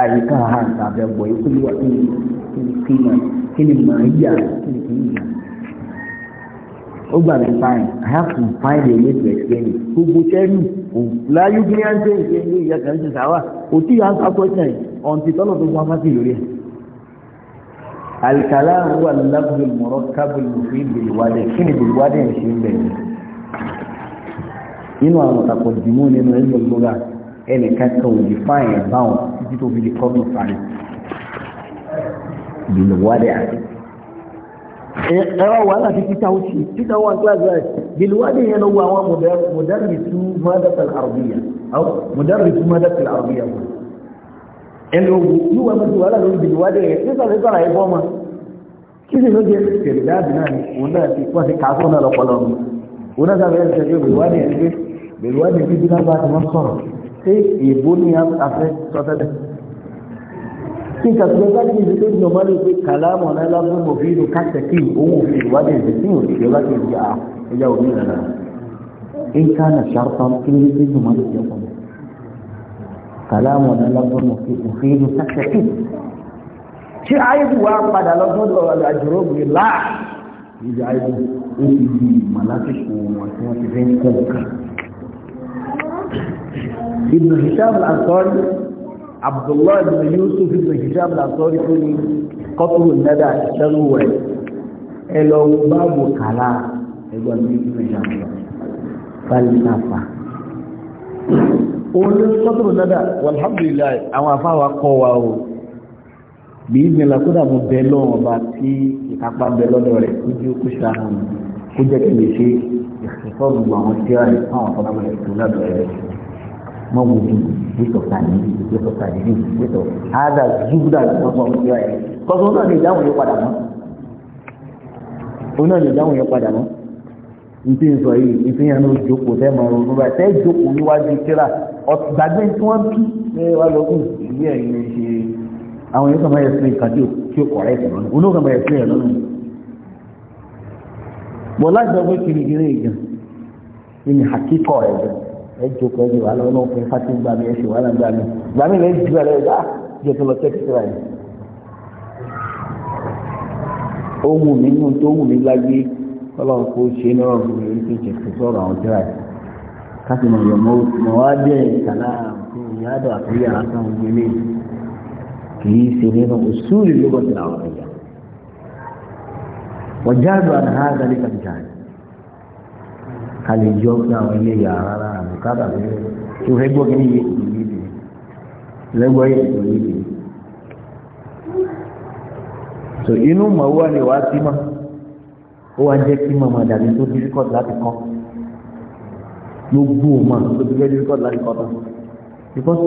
àyíká hàn tàbí ẹgbọ̀ ikú ni wà kí ni kí ni màá yà kí ni kì í ó gbà mí fine i have to find a way to explain it gbogbo tẹ́lù láyé bí wọ́n ṣe ń ṣe ní ìyá kan ṣe sáwà kò tí yàn sá question ọ̀ǹtí tọ́lọ̀ tó gbọ́n fásitì lórí ẹ̀. alikala wà lábúlé mọ̀rọ́ kábùlù fún bèlúwádé kí ni bèlúwádé ń ṣe ń bẹ̀rẹ̀ nínú àwọn ọ̀tàpọ̀ jùmọ̀ nínú ẹgbẹ́ gbọ́gà ẹnìkan kan ò lè fáyẹ̀ báwọn títí tó fi lè kọ́ bèlúwádé àti ẹ̀rọ wà láti títà òṣì títà wọn kíláàsì rẹ̀ bilwadi yẹn lọ́wọ́ àwọn mọ̀dárìtú mọ́dásàl àrùbíyà mọ̀dárìtú mọ́dásàl àrùbíyà wọn ẹni ogun yíò wà mọ́tò wàhálà lórí bilwadi yẹn títà lè sọ̀rọ̀ ẹ̀fọ́ ma kí ni ló jẹ́ tẹ̀lé dáàbì náà ni òun náà ti wọ́n ti kà á fún náà lọ́pọ̀lọ́ mi òun náà sábẹ́ ẹ̀ sẹ́yìn bilwadi yẹn ti bilwadi yẹn ti bí kí kàtúkẹ́ sáàkì ìdí tó dùn ọmọ lè pe kàlámù ọ̀nà lábúrú mọ̀ fíìlù kásẹ̀kì òun òfin ìwádìí ìdí tí yóò ṣe láti ìdí à ẹ̀yà òbí rẹ̀ náà. in kana sharfan kí ló dé dùn ọmọ lè jẹ́ fún mi. kàlámù ọ̀nà lábúrú mọ̀ fíìlù kásẹ̀kì. ṣé àìbù wa padà lọ́sọ́dọ̀ àjùrò mi là ìdí àìbù ó ti di màlásìkò abdullahi bin yusuf bin hisham lasọ́rí tó ní kọ́tùrù nẹ́dà ìṣẹ́rù rẹ̀ ẹ lọ wo báàbù kàlá ẹgbọ́n ní hisham lọ falisafa òun ní kọ́tùrù nẹ́dà walhamdulillah àwọn afáwa kọ́ wa o bí ìgbìn lakúdà mo bẹ lọ́wọ́ ọba tí ìkápá bẹ lọ́dọ̀ rẹ̀ kújú kúṣà hàn kó jẹ́ kí lè ṣe ìṣẹ́fọ́ gbogbo àwọn tí wọ́n rẹ̀ fáwọn afọ́nàmọ́lẹ̀ tó lọ́dọ̀ rẹ̀ mawudu wíṣọ sàdídì wíṣọ sàdídì wíṣọ ádà zúdà lọ́sọ̀ ọ̀hún ẹ̀ kọ́sọ̀ ọ̀hún náà lè dáhùn yẹn padà mọ́ ọ̀hún náà lè dáhùn yẹn padà mọ́ nti n sọ yìí nti yẹn ló jókòó fẹ́ mọ ọ̀rọ̀ bá tẹ́ jókòó níwájú kíra ọ̀gbàgbé tí wọ́n tú ẹ wá lọ́kùn ìlú ẹ̀yìn ẹ̀ ṣe àwọn yóò kàn máa yẹ sílẹ̀ kan tí ó kọ̀rẹ́ ẹ̀ lọ́nà òun náà kàn máa yẹ sílẹ̀ lọ́nà bọ̀ láti ọgbẹ́ kirigiri ìgbà ní hakíkọ̀ ẹ̀ gbà ẹ jókòó ẹ jẹ wàhálà ọlọ́pàá fati gba mi ẹ ṣe wàhálà gba mi gba mi lè ju ẹrẹ gbà jẹ tó lọ tẹ́tí síra yìí. ó wù mí nù tó wù mí lágbé ọlọ́run kó ṣe ní ọ̀rọ̀ mi lórí kéjì kò sọ̀rọ̀ àwọn síra yìí. káṣí mo yọ mo mo wá dé ìkàlà fún ìyáàdọ̀ àfẹ́yà lásán gbélé kì í ṣe nínú òṣùlù ló bọ̀ sí àwọn ẹ̀yà. wọ́n jáde àdáhà ká lè jọ pé àwọn ilé ìyá rárá àmì kábà lè tó fẹ́ gbọ́ kíní yé ìlú yìí dé lẹ́gbọ́ yé ìlú yìí dé. so inú mọ̀wá ni wàá sí mọ́ ó wá jẹ́ kí mọ̀mọ́ dàbí tó difficult láti kọ́ gbogbo mọ̀ tó ti fẹ́ difficult láti kọ́ tán because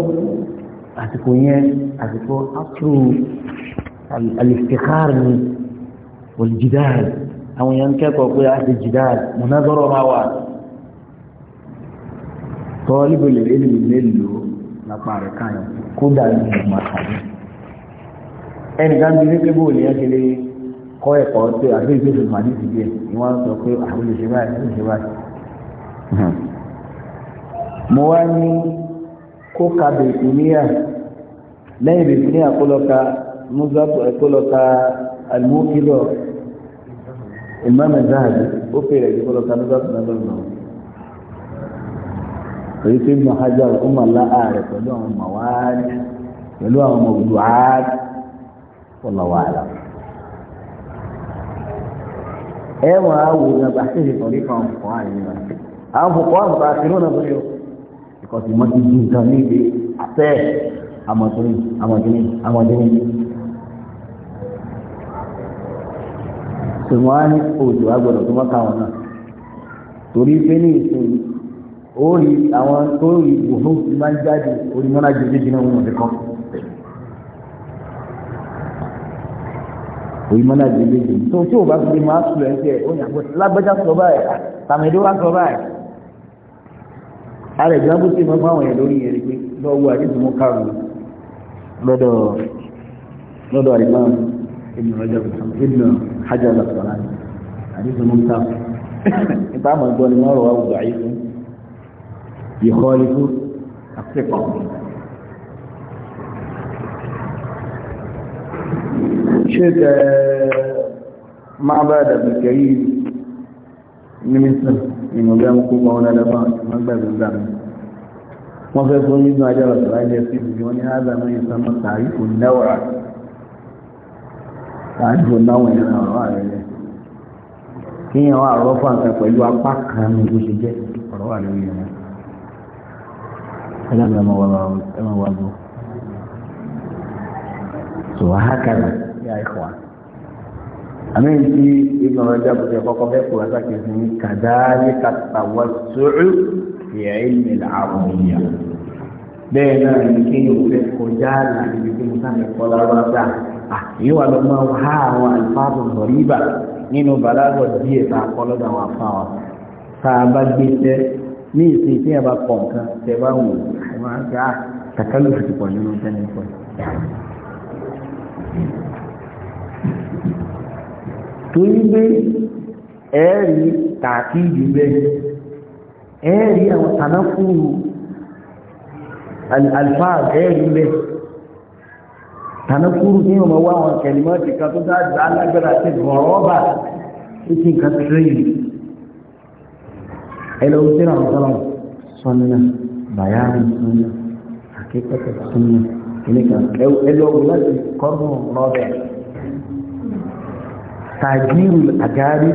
àsìkò yẹn àsìkò afro alìsìkárì ni wọ́n jìdáàlì àwọn yẹn ń kẹ́kọ̀ọ́ pé a ti jìdáàlì mọ̀nà máa wà tọ́líbù lè rí ìlú mélòó lápá rẹ̀ káyọ̀ kódà ní ìgbìmọ̀ àkàrí ẹnìkan bí wípé bóòlù yẹn kéré kọ́ ẹ̀kọ́ tó àbí ìgbé ìgbìmọ̀ àdé ti díẹ̀ ni wọ́n sọ pé àwọn olùṣe báyìí olùṣe báyìí. mo wá ní kó ka bèkúníà lẹ́yìn bèkúníà kó èyí tí ibùdó hajjá ọmọ láàárẹ pẹ̀lú àwọn ọmọ wáárí pẹ̀lú àwọn ọmọ òdò áárí ọlọ́wọ́ àlọ́. ẹ wọn á wò ní abàṣẹ ìtọ́lé kan fún àyè náà àwọn fòkó àwọn bá ti rúnà lórí o ìkọsí mọ́ ti di nǹkan ní ibi àtẹ àmọ̀tínì àmọ̀tínì àmọ̀tínì. sùnwọ́n á ní òdò agbọ̀dọ̀ tó mọ́ káwọn náà torí pé ní ìsìn ó rí àwọn tó rí ìwòhó ti máa ń jáde orí mọ́nà jẹjẹrẹ jìnnà wọn ọ̀dẹ́kọ́ orí mọ́nà jẹjẹrẹ jìnnà tó tí o bá fi máa sùn ẹ̀ ń tẹ̀ ó yàn pé lágbájá sọ báyìí tàmídé wá sọ báyìí alẹ́ ìjọba bó ṣe máa fún àwọn èèyàn lórí yẹn pé lọ́wọ́ àdéhùn mú kàrún lọ́dọ̀ lọ́dọ̀ àìmọ́ ibn Rajab ibn Hajar al-Asqalani àdéhùn mú kàrún ìpamọ́ ìgbọ́ni wọ́n rọ̀ wù يخالف الثقة شيخ معبد ابن كريم ní mísìn ìmọ̀gbé amúkú ma wọn dáadáa fún àwọn agbẹ́gbẹ́ ìgbà mi wọ́n fẹ́ fún nínú ajá ọ̀sẹ̀ láìjẹ́ sí ibi wọn ní ádà náà yẹn sọmọ tààrífù náwà tààrífù náwà yẹn náà wà rẹ̀ kí yẹn wà rọ́fà nǹkan pẹ̀lú apá kan ní bó ṣe jẹ́ ọ̀rọ̀ wà lórí yẹn aláàbò ẹmọ wà ẹmọ wà bò so ahakara yà ẹkọ wa àmì ti ìgbọ̀n ọjọ́ àbùkù ẹ̀kọ́kọ́ bẹ́ẹ̀ kó wáṣà kìí sinmi kàdáálì kàtàwà sùúrù yẹ ilẹ̀ làwọn ìyá bẹ́ẹ̀ náà ní kí ni òun kọjá láti ibi tí mo sáré kọ́ lọ́wọ́ dáa wà ló máa wá àwọn àlùfáàbù lọ́rìbà nínú bàlágọ̀ díẹ̀ tá a kọ́ lọ́dọ̀ àwọn afáwọn tá a bá gbé tẹ́ ní ìsìn tí yẹn bá kọ̀ nǹkan tẹ́ bá wù ú máa ń gbà ah, tàkàlù ti pọ̀ nínú tẹ́lẹ̀ pọ̀. torí pé ẹ̀ẹ́rì tààkì ìdí bẹ́ẹ̀ ẹ̀ẹ́rì àwọn tànáfùrù alfáà ẹ̀ẹ́rì bẹ́ẹ̀ tànáfùrù ní ọmọ wá àwọn kẹlìmọ́ ti kan tó dájú alágbára ti gbọ̀rọ̀ bá ó ti nǹkan tírẹ̀yìn ẹ̀lọ́wọ́ tí ra ọ̀sán sọ́nà náà bayanin sunna hakikatar sunna kìnìkà ẹlọ́wọ́ láti kọ́nù lọ́dẹ̀ tàjíìrù àgárí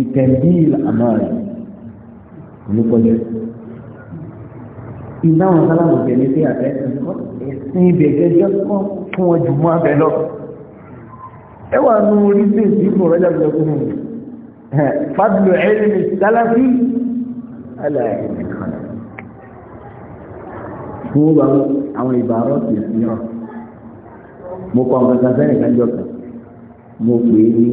ìtẹ̀bíìl àmọ́rẹ̀ olùkọ́jẹ́ iná wọn sálámù tẹ̀lé sí àtẹ́ ẹ̀sìn ìbẹ̀gẹ́ jẹ́ kọ́ fún ọjù mọ́ abẹ́ lọ ẹwà nù orí sí ìsìnkú rẹ̀ lọ́gbẹ̀ẹ́ fún mi fadlu ilmi salafi ala ilmi fúnra àwọn ìbárọ̀ tì síra mo kọ àwọn kan sẹ́yìn kan jọ kan mo pè é ní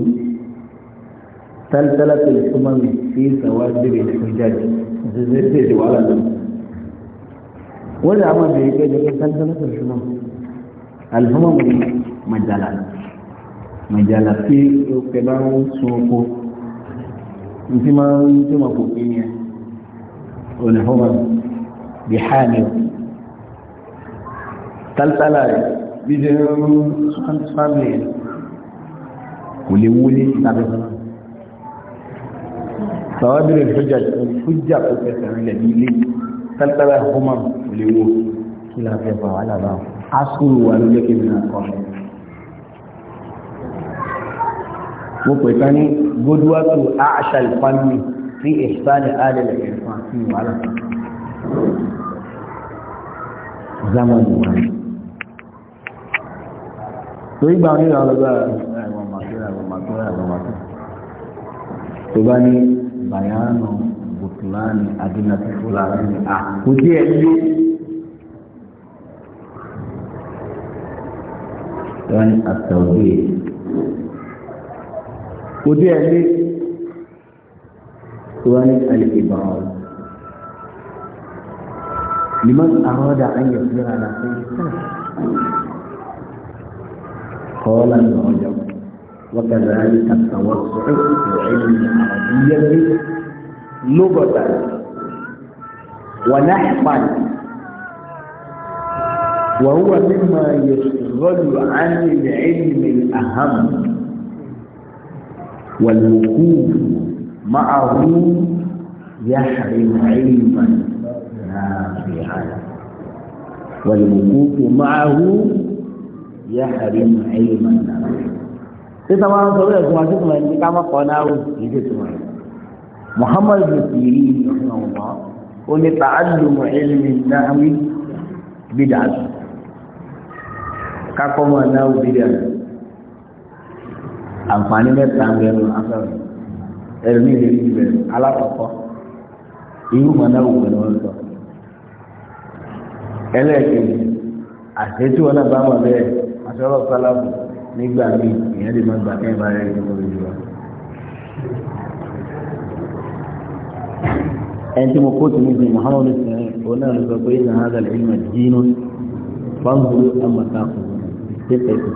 tẹ́lẹ̀tẹ́lẹ̀ tó súnmọ́ mi sí ìsàwá bèbè ìfún jáde ìṣẹ̀ṣẹ̀ sì ti wàhálà lọ. wọ́n lè àwọn àbẹ̀rẹ̀ pé ẹ̀jẹ̀ tẹ́lẹ̀tẹ́lẹ̀ tó súnmọ́ àlùfọ́mọ́ mi màjàlá màjàlá tí ó pẹ́ bá ń sun oko ntí máa ń tó máa kò kí ni ẹ̀ ònàfọ́mọ́ mi bí hàmì tálítálà rẹ̀ bí ṣe ń rún fámìlì rẹ̀ kò lè wúlé tàbí sàwábìrì fújà fújà kò fẹsẹ̀ rinlẹ̀ ní ilé tálítálà ọmọ kò lè wó kí la fẹ́ fà wà lábàá asúrù wà ló jẹ́ kí n náà kọ́ mo pè ká ní godwatu aṣa ìfàmì sí ìfàmì àdẹ̀lẹ̀ ìfàmì wàhálà zamani wàhálà torí gbà ní ìlànà ọgbà ẹ̀wọ̀n màtúrà ẹ̀wọ̀n màtúrà ẹ̀wọ̀n màtúrà tó bá ní bàyánù bùtùlánì adínàtì fúlàní ni à kò díẹ̀ yé wọ́n ní àtàwé kò díẹ̀ yé tó bá ní alẹ́ ìbáwọ̀ liman arada an yasira na sai قال ابن وكذلك التوسع في علم العربية لغة ونحوا وهو مما يشغل عن العلم الأهم والوقوف معه يحرم علما نافعا والوقوف معه yá àrímù ẹ̀yìn máa nà á. títà máa ń sọ̀rọ̀ ẹ̀gbọ́n àti tùmọ̀ ẹni ká má kọ́ náà ó kì í ṣe ẹ̀. muhammad bin siri ọ̀nà ọ̀mọ́ ó ní tààlùmọ̀ ẹ̀lìmì náà wí bídà àtù. kákọ́ mọ̀ náà ó bídà àtù. àǹfààní mẹ́ta ń bẹ̀rù afẹ́rù ẹ̀rùmí rẹ̀ ti bẹ̀rù alákọ̀ọ́kọ́ irú mọ̀ náà wò ni wọ́n sọ ẹlẹ́ẹ̀kejì àṣetí wọn náà bá mọ̀ bẹ́ẹ̀ àtọ́rọ̀ sálábù nígbà míì èèyàn lè má gbà kẹ́yìn bá rẹ̀ nínú orí wa. ẹni tí mo kó tì níbi muhammadu sẹ́yìn òun náà ló sọ pé ìlànà àgàlẹ̀ ìmọ̀ dínú fáńgùrú àmọ̀tàkù tẹ́tẹ̀tù.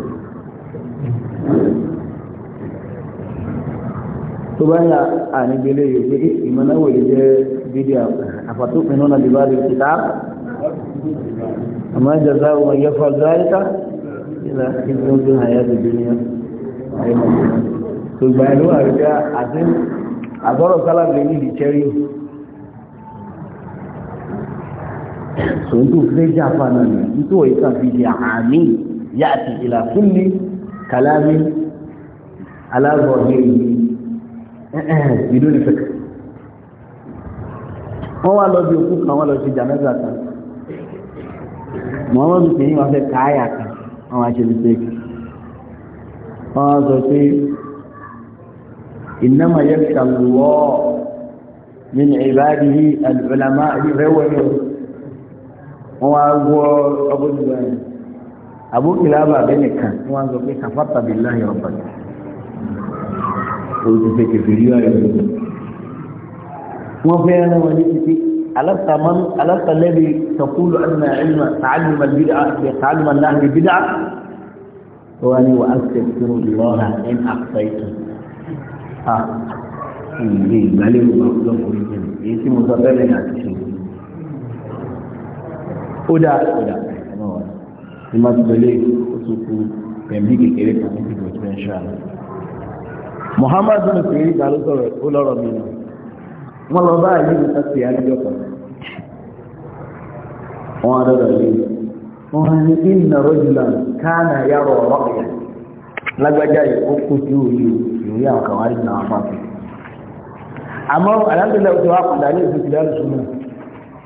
tó bá yà ànígbélé yìí pé ìmọ̀láwò yìí jẹ́ fídíò àfàtúpinnu náà bí bá rí kíkà. àmọ́ ìjọba wọn yẹ fọ́ ìlà ìgbóngbó àyàbò dúnìyà àyàbò dúnìyà tó gbà ìlú àríkà àti àbọ̀rọ̀ sálábì ní ìdíkẹ́rí tòun tó fẹ́ jà fana nì nítorí ìka fi di àmì yàtì ìlà fúnni kàlámi alábọ̀ yìí ìdó ní fẹ́kẹ̀. wọ́n wá lọ bí òkú kan wọ́n lọ sí jàmẹ́sà kan mọ́mọ́ bí tèyí wọ́n fẹ́ káyà kan àwọn aṣèlúṣe wọ́n sọ pé innama yakhsha Allah min ibadihi al-ulama ìrẹ́wẹ̀ ni wọ́n wá gbọ́ ọgbọ́dúnrún rẹ̀ àbókìlá bàbá nìkan wọ́n sọ pé kafarta billahi rabbak òtútù kẹfìrí ọ̀rẹ́ wọn fẹ́ràn wọn ní títí ألست من ألست الذي تقول أن علم تعلم البدعة تعلم النهي بدعة وأني وأستغفر الله إن أخطيت آه إيه بالي مغلوب أريد إيه مصابين يعني kódà kódà ní máa tún lè oṣooṣù pẹ̀lú kékeré kan ní ìgbòtí ẹ̀ ṣáà. Muhammadu Nusiri ta ló sọ̀rọ̀ ó lọ́rọ̀ mi nù wọ́n lọ bá yìí ní sọ́sì àríjọ kan wọ́n adọ́dọ̀ yìí wọ́n ní ìnà rọ́jùlá káàna yàrá ọ̀rọ̀ ẹ̀yà lágbájá yìí ó kú sí òye ìwé àwọn kan wáyé náà fà fún àmọ́ àdáńtẹ́lẹ̀ òṣèlú àpàdà ní ìfẹ́ ìdáàlù súnmọ́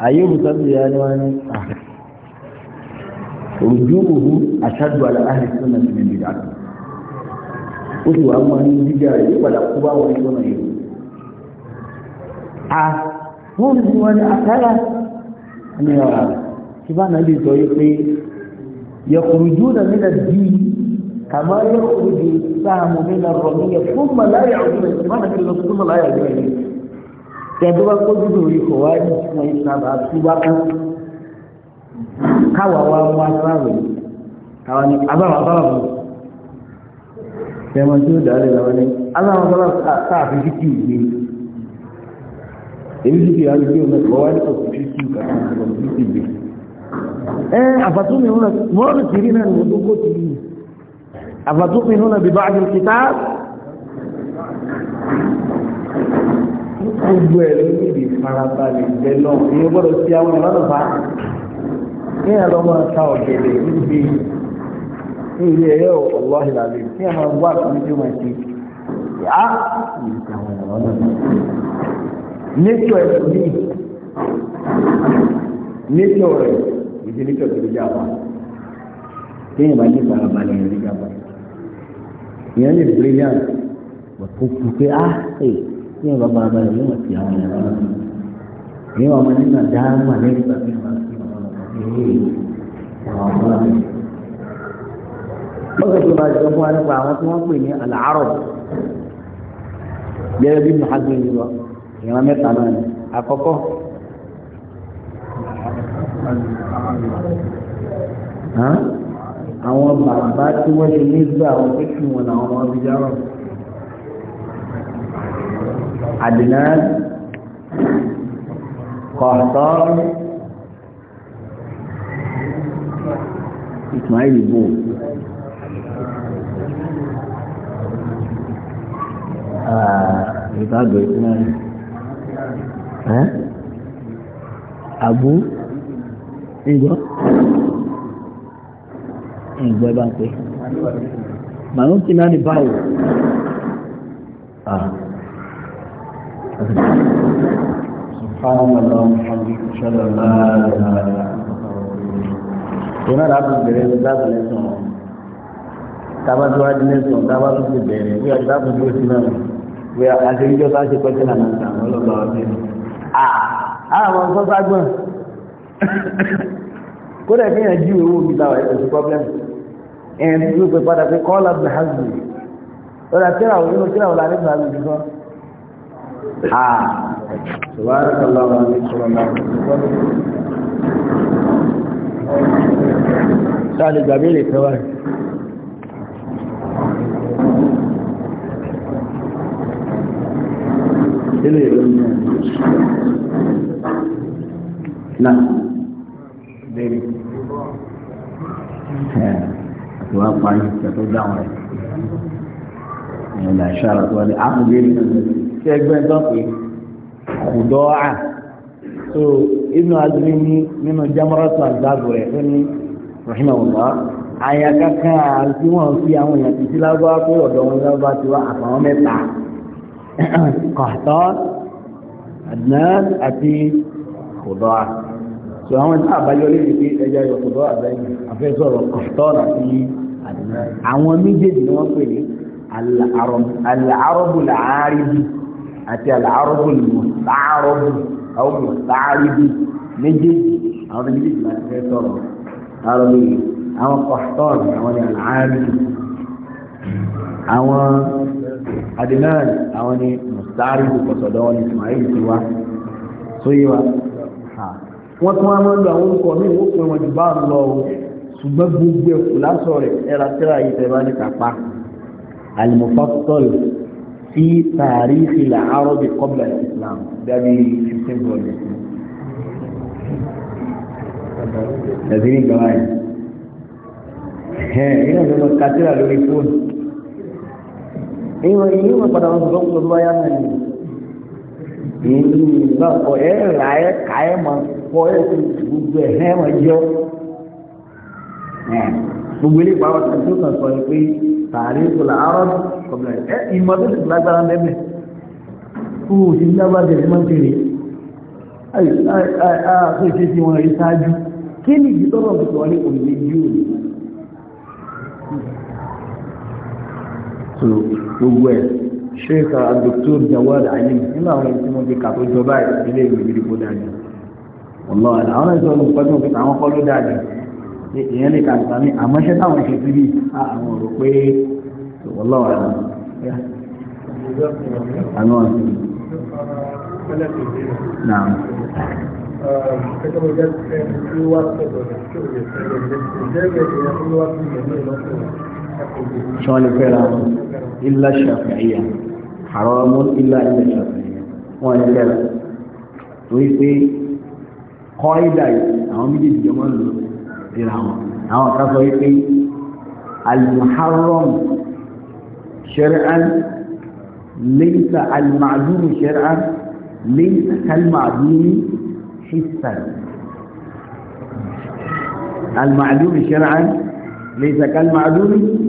ayé òbúsọ́sì yà ni wọ́n ní òjúkùhù àṣàdù àlàáhì sí ní ìdíjà ó sì a wọ́n ní wọ́n ní àkàrà ní ọ̀rà tí bá náà lè sọ yí pé yọkùrùjú náà nílẹ̀ bí kàmá yọkùrùjú sáàmù nílẹ̀ rọ̀míyẹ fún màláyà ọdún rẹ̀ tí bá náà lọ fún màláyà ọdún rẹ̀ tẹ̀dọ́ bá kó dúdú orí kò wá ní ìsìn ẹ̀yìn náà bá tú bá kán káwa wá mú aṣáá rẹ̀ káwa ní abáwọn abáwọn mú tẹ̀wọ̀n tí ó dàá lè lọ́wọ́ ní aláwọn abáwọn káà fi fíkì ìgbé èyí sì fi àrí pé ọmọ ẹ̀kọ́ wá ní ọ̀sẹ̀ fi kí ìkà ọ̀sẹ̀ fi gbé ẹ àfàtúnmí hùnà mọ́rọ̀ ti rí náà ní ọdún kó ti rí àfàtúnmí hùnà bí bá àjọ kìtà gbogbo ẹ̀ ló ní ìdí farabalẹ̀ bẹ́ẹ̀ náà ìyẹn gbọ́dọ̀ sí àwọn ìlànà bá ní àlọ́ ta ọ̀gẹ̀dẹ̀ níbi ilé ẹ̀yọ́ ọlọ́hìn àlè ní àwọn wà tó tí ó máa ṣe yá nítò ẹ̀sùnmí nítò rẹ̀ ìdí nítò tó lè jáfa kéèyàn bá ní farabalẹ̀ yẹn lè jáfa ìyẹn lè brilliant kò kù pé á ẹ̀ kéèyàn bá farabalẹ̀ yẹn wọ̀ sí àwọn ẹ̀rọ náà ìyẹn wà máa nígbà dáhùn àlẹ́ nígbà tí wọ́n bá fi ọ̀rọ̀ ọ̀rọ̀ ọ̀rọ̀ lọ́sọ̀ tó bá jọ fún wa nípa àwọn tí wọ́n pè ní àlàárọ̀ gẹ́gẹ́ bí muhammed yorùbá. ìran mẹ́ta náà ni àkọ́kọ́ àwọn bàbá tí wọ́n ṣe nígbà àwọn tó kí wọn làwọn ọmọ bíi járọ̀ àdìnnà kọ̀ọ̀tọ́ ìsmail bò ah, ìbágbé àbú ìgbọ́ ìgbọ́ bá pé màá ń kí náà ní báwò ah. Ìrìnà láti bẹ̀rẹ̀ láti lẹ́sàn-án. Tábàtúwájú lẹ́sàn-án, tábàtúwájú bẹ̀rẹ̀, bí ọjọ́ láti bí ó sí náà pé àtẹ̀jọ́ bá ṣe pẹ́tẹ́ náà nígbà àwọn ọlọ́gbà ọdún ni. àwọn nǹkan bá gbọ́n kódà kí yàn jí owó mi láwà ẹ̀kọ́ sí problem ẹ̀ ń tún pé padà pé call up the husband lọ́dà tíra òun nínú tíra òun àríkà àgbègbè kan. سبحانك اللهم وبحمدك اشهد ان لا اله الا انت ilé ìlú náà bẹ́ẹ̀ni ẹ̀ àti wá parí ìtẹ̀tọ́ dáhùn rẹ̀ ìrìnà ìṣàrọ̀ tó wà ní àkùnbẹ́ẹ̀ni tí ẹgbẹ́ dọ́pẹ́ kùdọ́ à so ibnu azumi ni nínú jamaratu albabu rẹ̀ tó ní rahimahullah àyàkà kan àti wọn fi àwọn èèyàn títí lágbá pé ọ̀dọ̀ wọn lágbá ti wá àtàwọn mẹ́ta [COUGHS] Qahtan Adnan àti Khudra so àwọn ìta àbáyọ léde pé ẹja yọ Khudra àbẹ́yìn afẹ́sọ̀rọ̀ Qahtan àti Adnan àwọn méjèèjì ni wọ́n pè ní al-Arabu al-Aribi àti al-Arabu al-Musta'arabu Adnan àwọn ni mùsàárì ìpọ̀sọ̀dọ̀ wọn ni Ismail ti wá tó yé wa wọ́n tún wọn máa ń lo àwọn orúkọ míì wọ́n pè wọn jù bá ń lọ o ṣùgbọ́n gbogbo ẹ̀kú lásọ rẹ̀ ẹ̀rà tẹ́lá yìí tẹ́ bá ní kápá al fi Tarikh al-Arab qabla islam dábì fifteen volumes. ẹ̀sìn ní gbàmáyé ẹ̀ẹ́dẹ́gbẹ̀rún kátìrà lórí fóònù ìwọ̀n yìí wọ́n padà wọn sọ̀rọ̀ pẹ̀lú ayá náà ni èyí náà kọ ẹ rà ẹ kà ẹ mà kọ ẹ kò gbogbo ẹ hẹ́ mà yọ gbogbo ilé ìpàwọ̀ tó tó kàn sọ yìí pé tààrí ìkọlà arọ́ kọ̀bìlà ẹ ìmọ̀ tó ti lágbára mẹ́mẹ́ kó o ti lágbára tẹ̀lé máa ń tẹ̀lé àpò ìṣesí wọn rí ṣáájú kí ni ìdítọ́rọ̀ tó wọlé òní yóò gbogbo ẹ̀ sheikh abdulkutur jawad ayim nínú àwọn ẹni tí wọ́n fi kà tó jọba ilé ìwé gidi kó dáa jù ọlọ́ ẹ̀ àwọn ẹ̀sọ́ ló pẹ́ tó fi kà wọ́n kọ́ ló dáa ìyẹn lè kà ní àmọ́ṣẹ́ táwọn ṣe síbi àwọn ọ̀rọ̀ pé ọlọ́ ẹ̀ àwọn ọ̀sìn. Naam gẹ́gẹ́ bí ẹni tí wá sọ̀rọ̀ ní ṣòro ìṣẹ̀lẹ̀ ìṣẹ̀lẹ̀ ìṣẹ̀lẹ̀ ìṣẹ̀lẹ̀ ìṣẹ̀lẹ̀ ìṣẹ̀lẹ̀ شلون الكلام الا الشافعيه حرام الا الا الشافعيه وين الكلام ويقي قايداي او ميدي جمال دراما او كفو يقي المحرم شرعا ليس المعذور شرعا ليس كالمعذور حسا المعدوم شرعا ليس كالمعدوم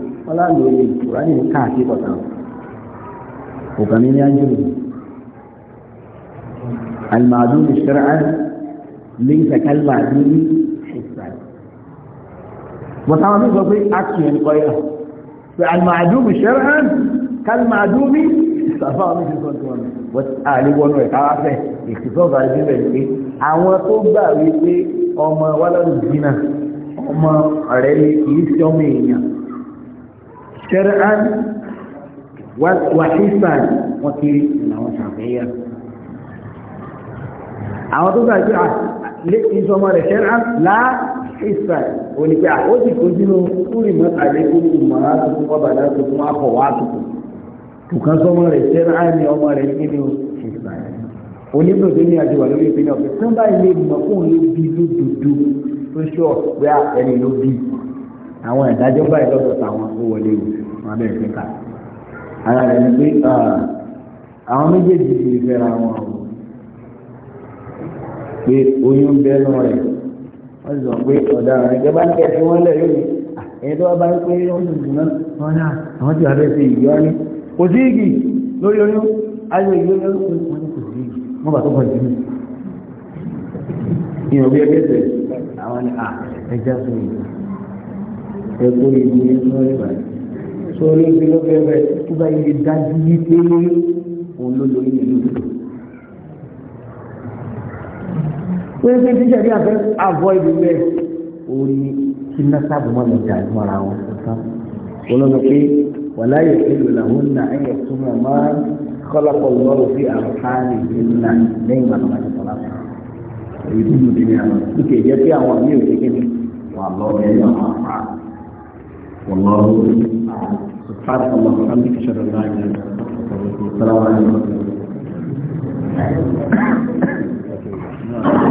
ọlọ́run òye ìkùránì ní káàkiri kọ̀tàn òkà ní ní ájúrù المعدوم شرعا ليس كالمعدوم حسا وطبعا في صفي عكسه يعني قريبا فالمعدوم شرعا كالمعدوم حسا فهو مثل كنت ààrí wọnú ẹ̀ka wá fẹ́ ìsìsọ́ọ̀sì àìjíríà yìí pé àwọn tó gbà wípé ọmọ wálọ́rù jìnnà ọmọ rẹ̀ kì í ṣe èèyàn shar'an wa hisan wọ́n ti rìn àwọn ṣàfihàn àwọn tó gbàgbé à lé ìsọmọ rẹ̀ shar'an la hisan onígbà ó sì kó sínú kúrì mọ́ta lé kúrì mọ́ra tuntun wọ́n bàdá tuntun wọ́n akọ̀ wá tuntun tùkàn sọmọ rẹ̀ shar'an ni ọmọ rẹ̀ ní kíni hisan onígbòsí ní àjẹwà lórí ìpínlẹ̀ ọ̀fẹ́ tí ilé ìmọ̀ fún òun lódodo tó ṣọ́ pé ẹni ló bí àwọn ìdájọ́ báyìí lọ́dọ̀ táwọn tó wọlé yìí máa bẹ̀rẹ̀ sí ká ara rẹ̀ ni pé àwọn méjèèjì ti fẹ́ra wọn o pé oyún bẹ́ẹ̀ nù rẹ̀ wọ́n sọ pé ọ̀daràn ẹgbẹ́ bá ń kẹ́sí wọn lẹ̀ lónìí ẹ̀yìn tó wá bá ń pé wọ́n sì dùn náà wọ́n náà àwọn ti wà bẹ́ẹ̀ ṣe ìgbé wọn ní kò sí igi lórí oyún ayọ̀ ìgbé lórí oyún wọn ní kò sí igi wọ́n bá tó bọ̀ jù ìyàn bí ẹgbẹ́ tẹ̀ àwọn ni à ẹja sórí ẹ̀kọ́ ìgbé sọ́ọ́ tó olóògbé ló bẹ̀rẹ̀ tó bá yẹ dájú wípé òun ló lórí ìlú. wọ́n ti ti sẹ́ni àfẹ́ avoid rẹ̀ òun ni kí ná sábà má lọ jà ní ara wọn sọ́sán. olóògbé pé wàlá yẹ kéde làwọn náà ẹ̀yẹ súnmọ́ máa ń kọ́lọ́pọ̀ lọ́rọ̀ sí àǹfààní ìlú náà lẹ́yìn ìgbà tó bá ti sọ́lá sọ́lá èyí tó dùn ní àwọn ìkè jẹ́ pé àwọn àmì òkè kékeré wà lọ́ọ́ bẹ́ẹ̀ ní àwọn àpá wọ́n lọ́ọ́ سبحانك اللهم وبحمدك اشهد ان لا اله الا انت السلام عليكم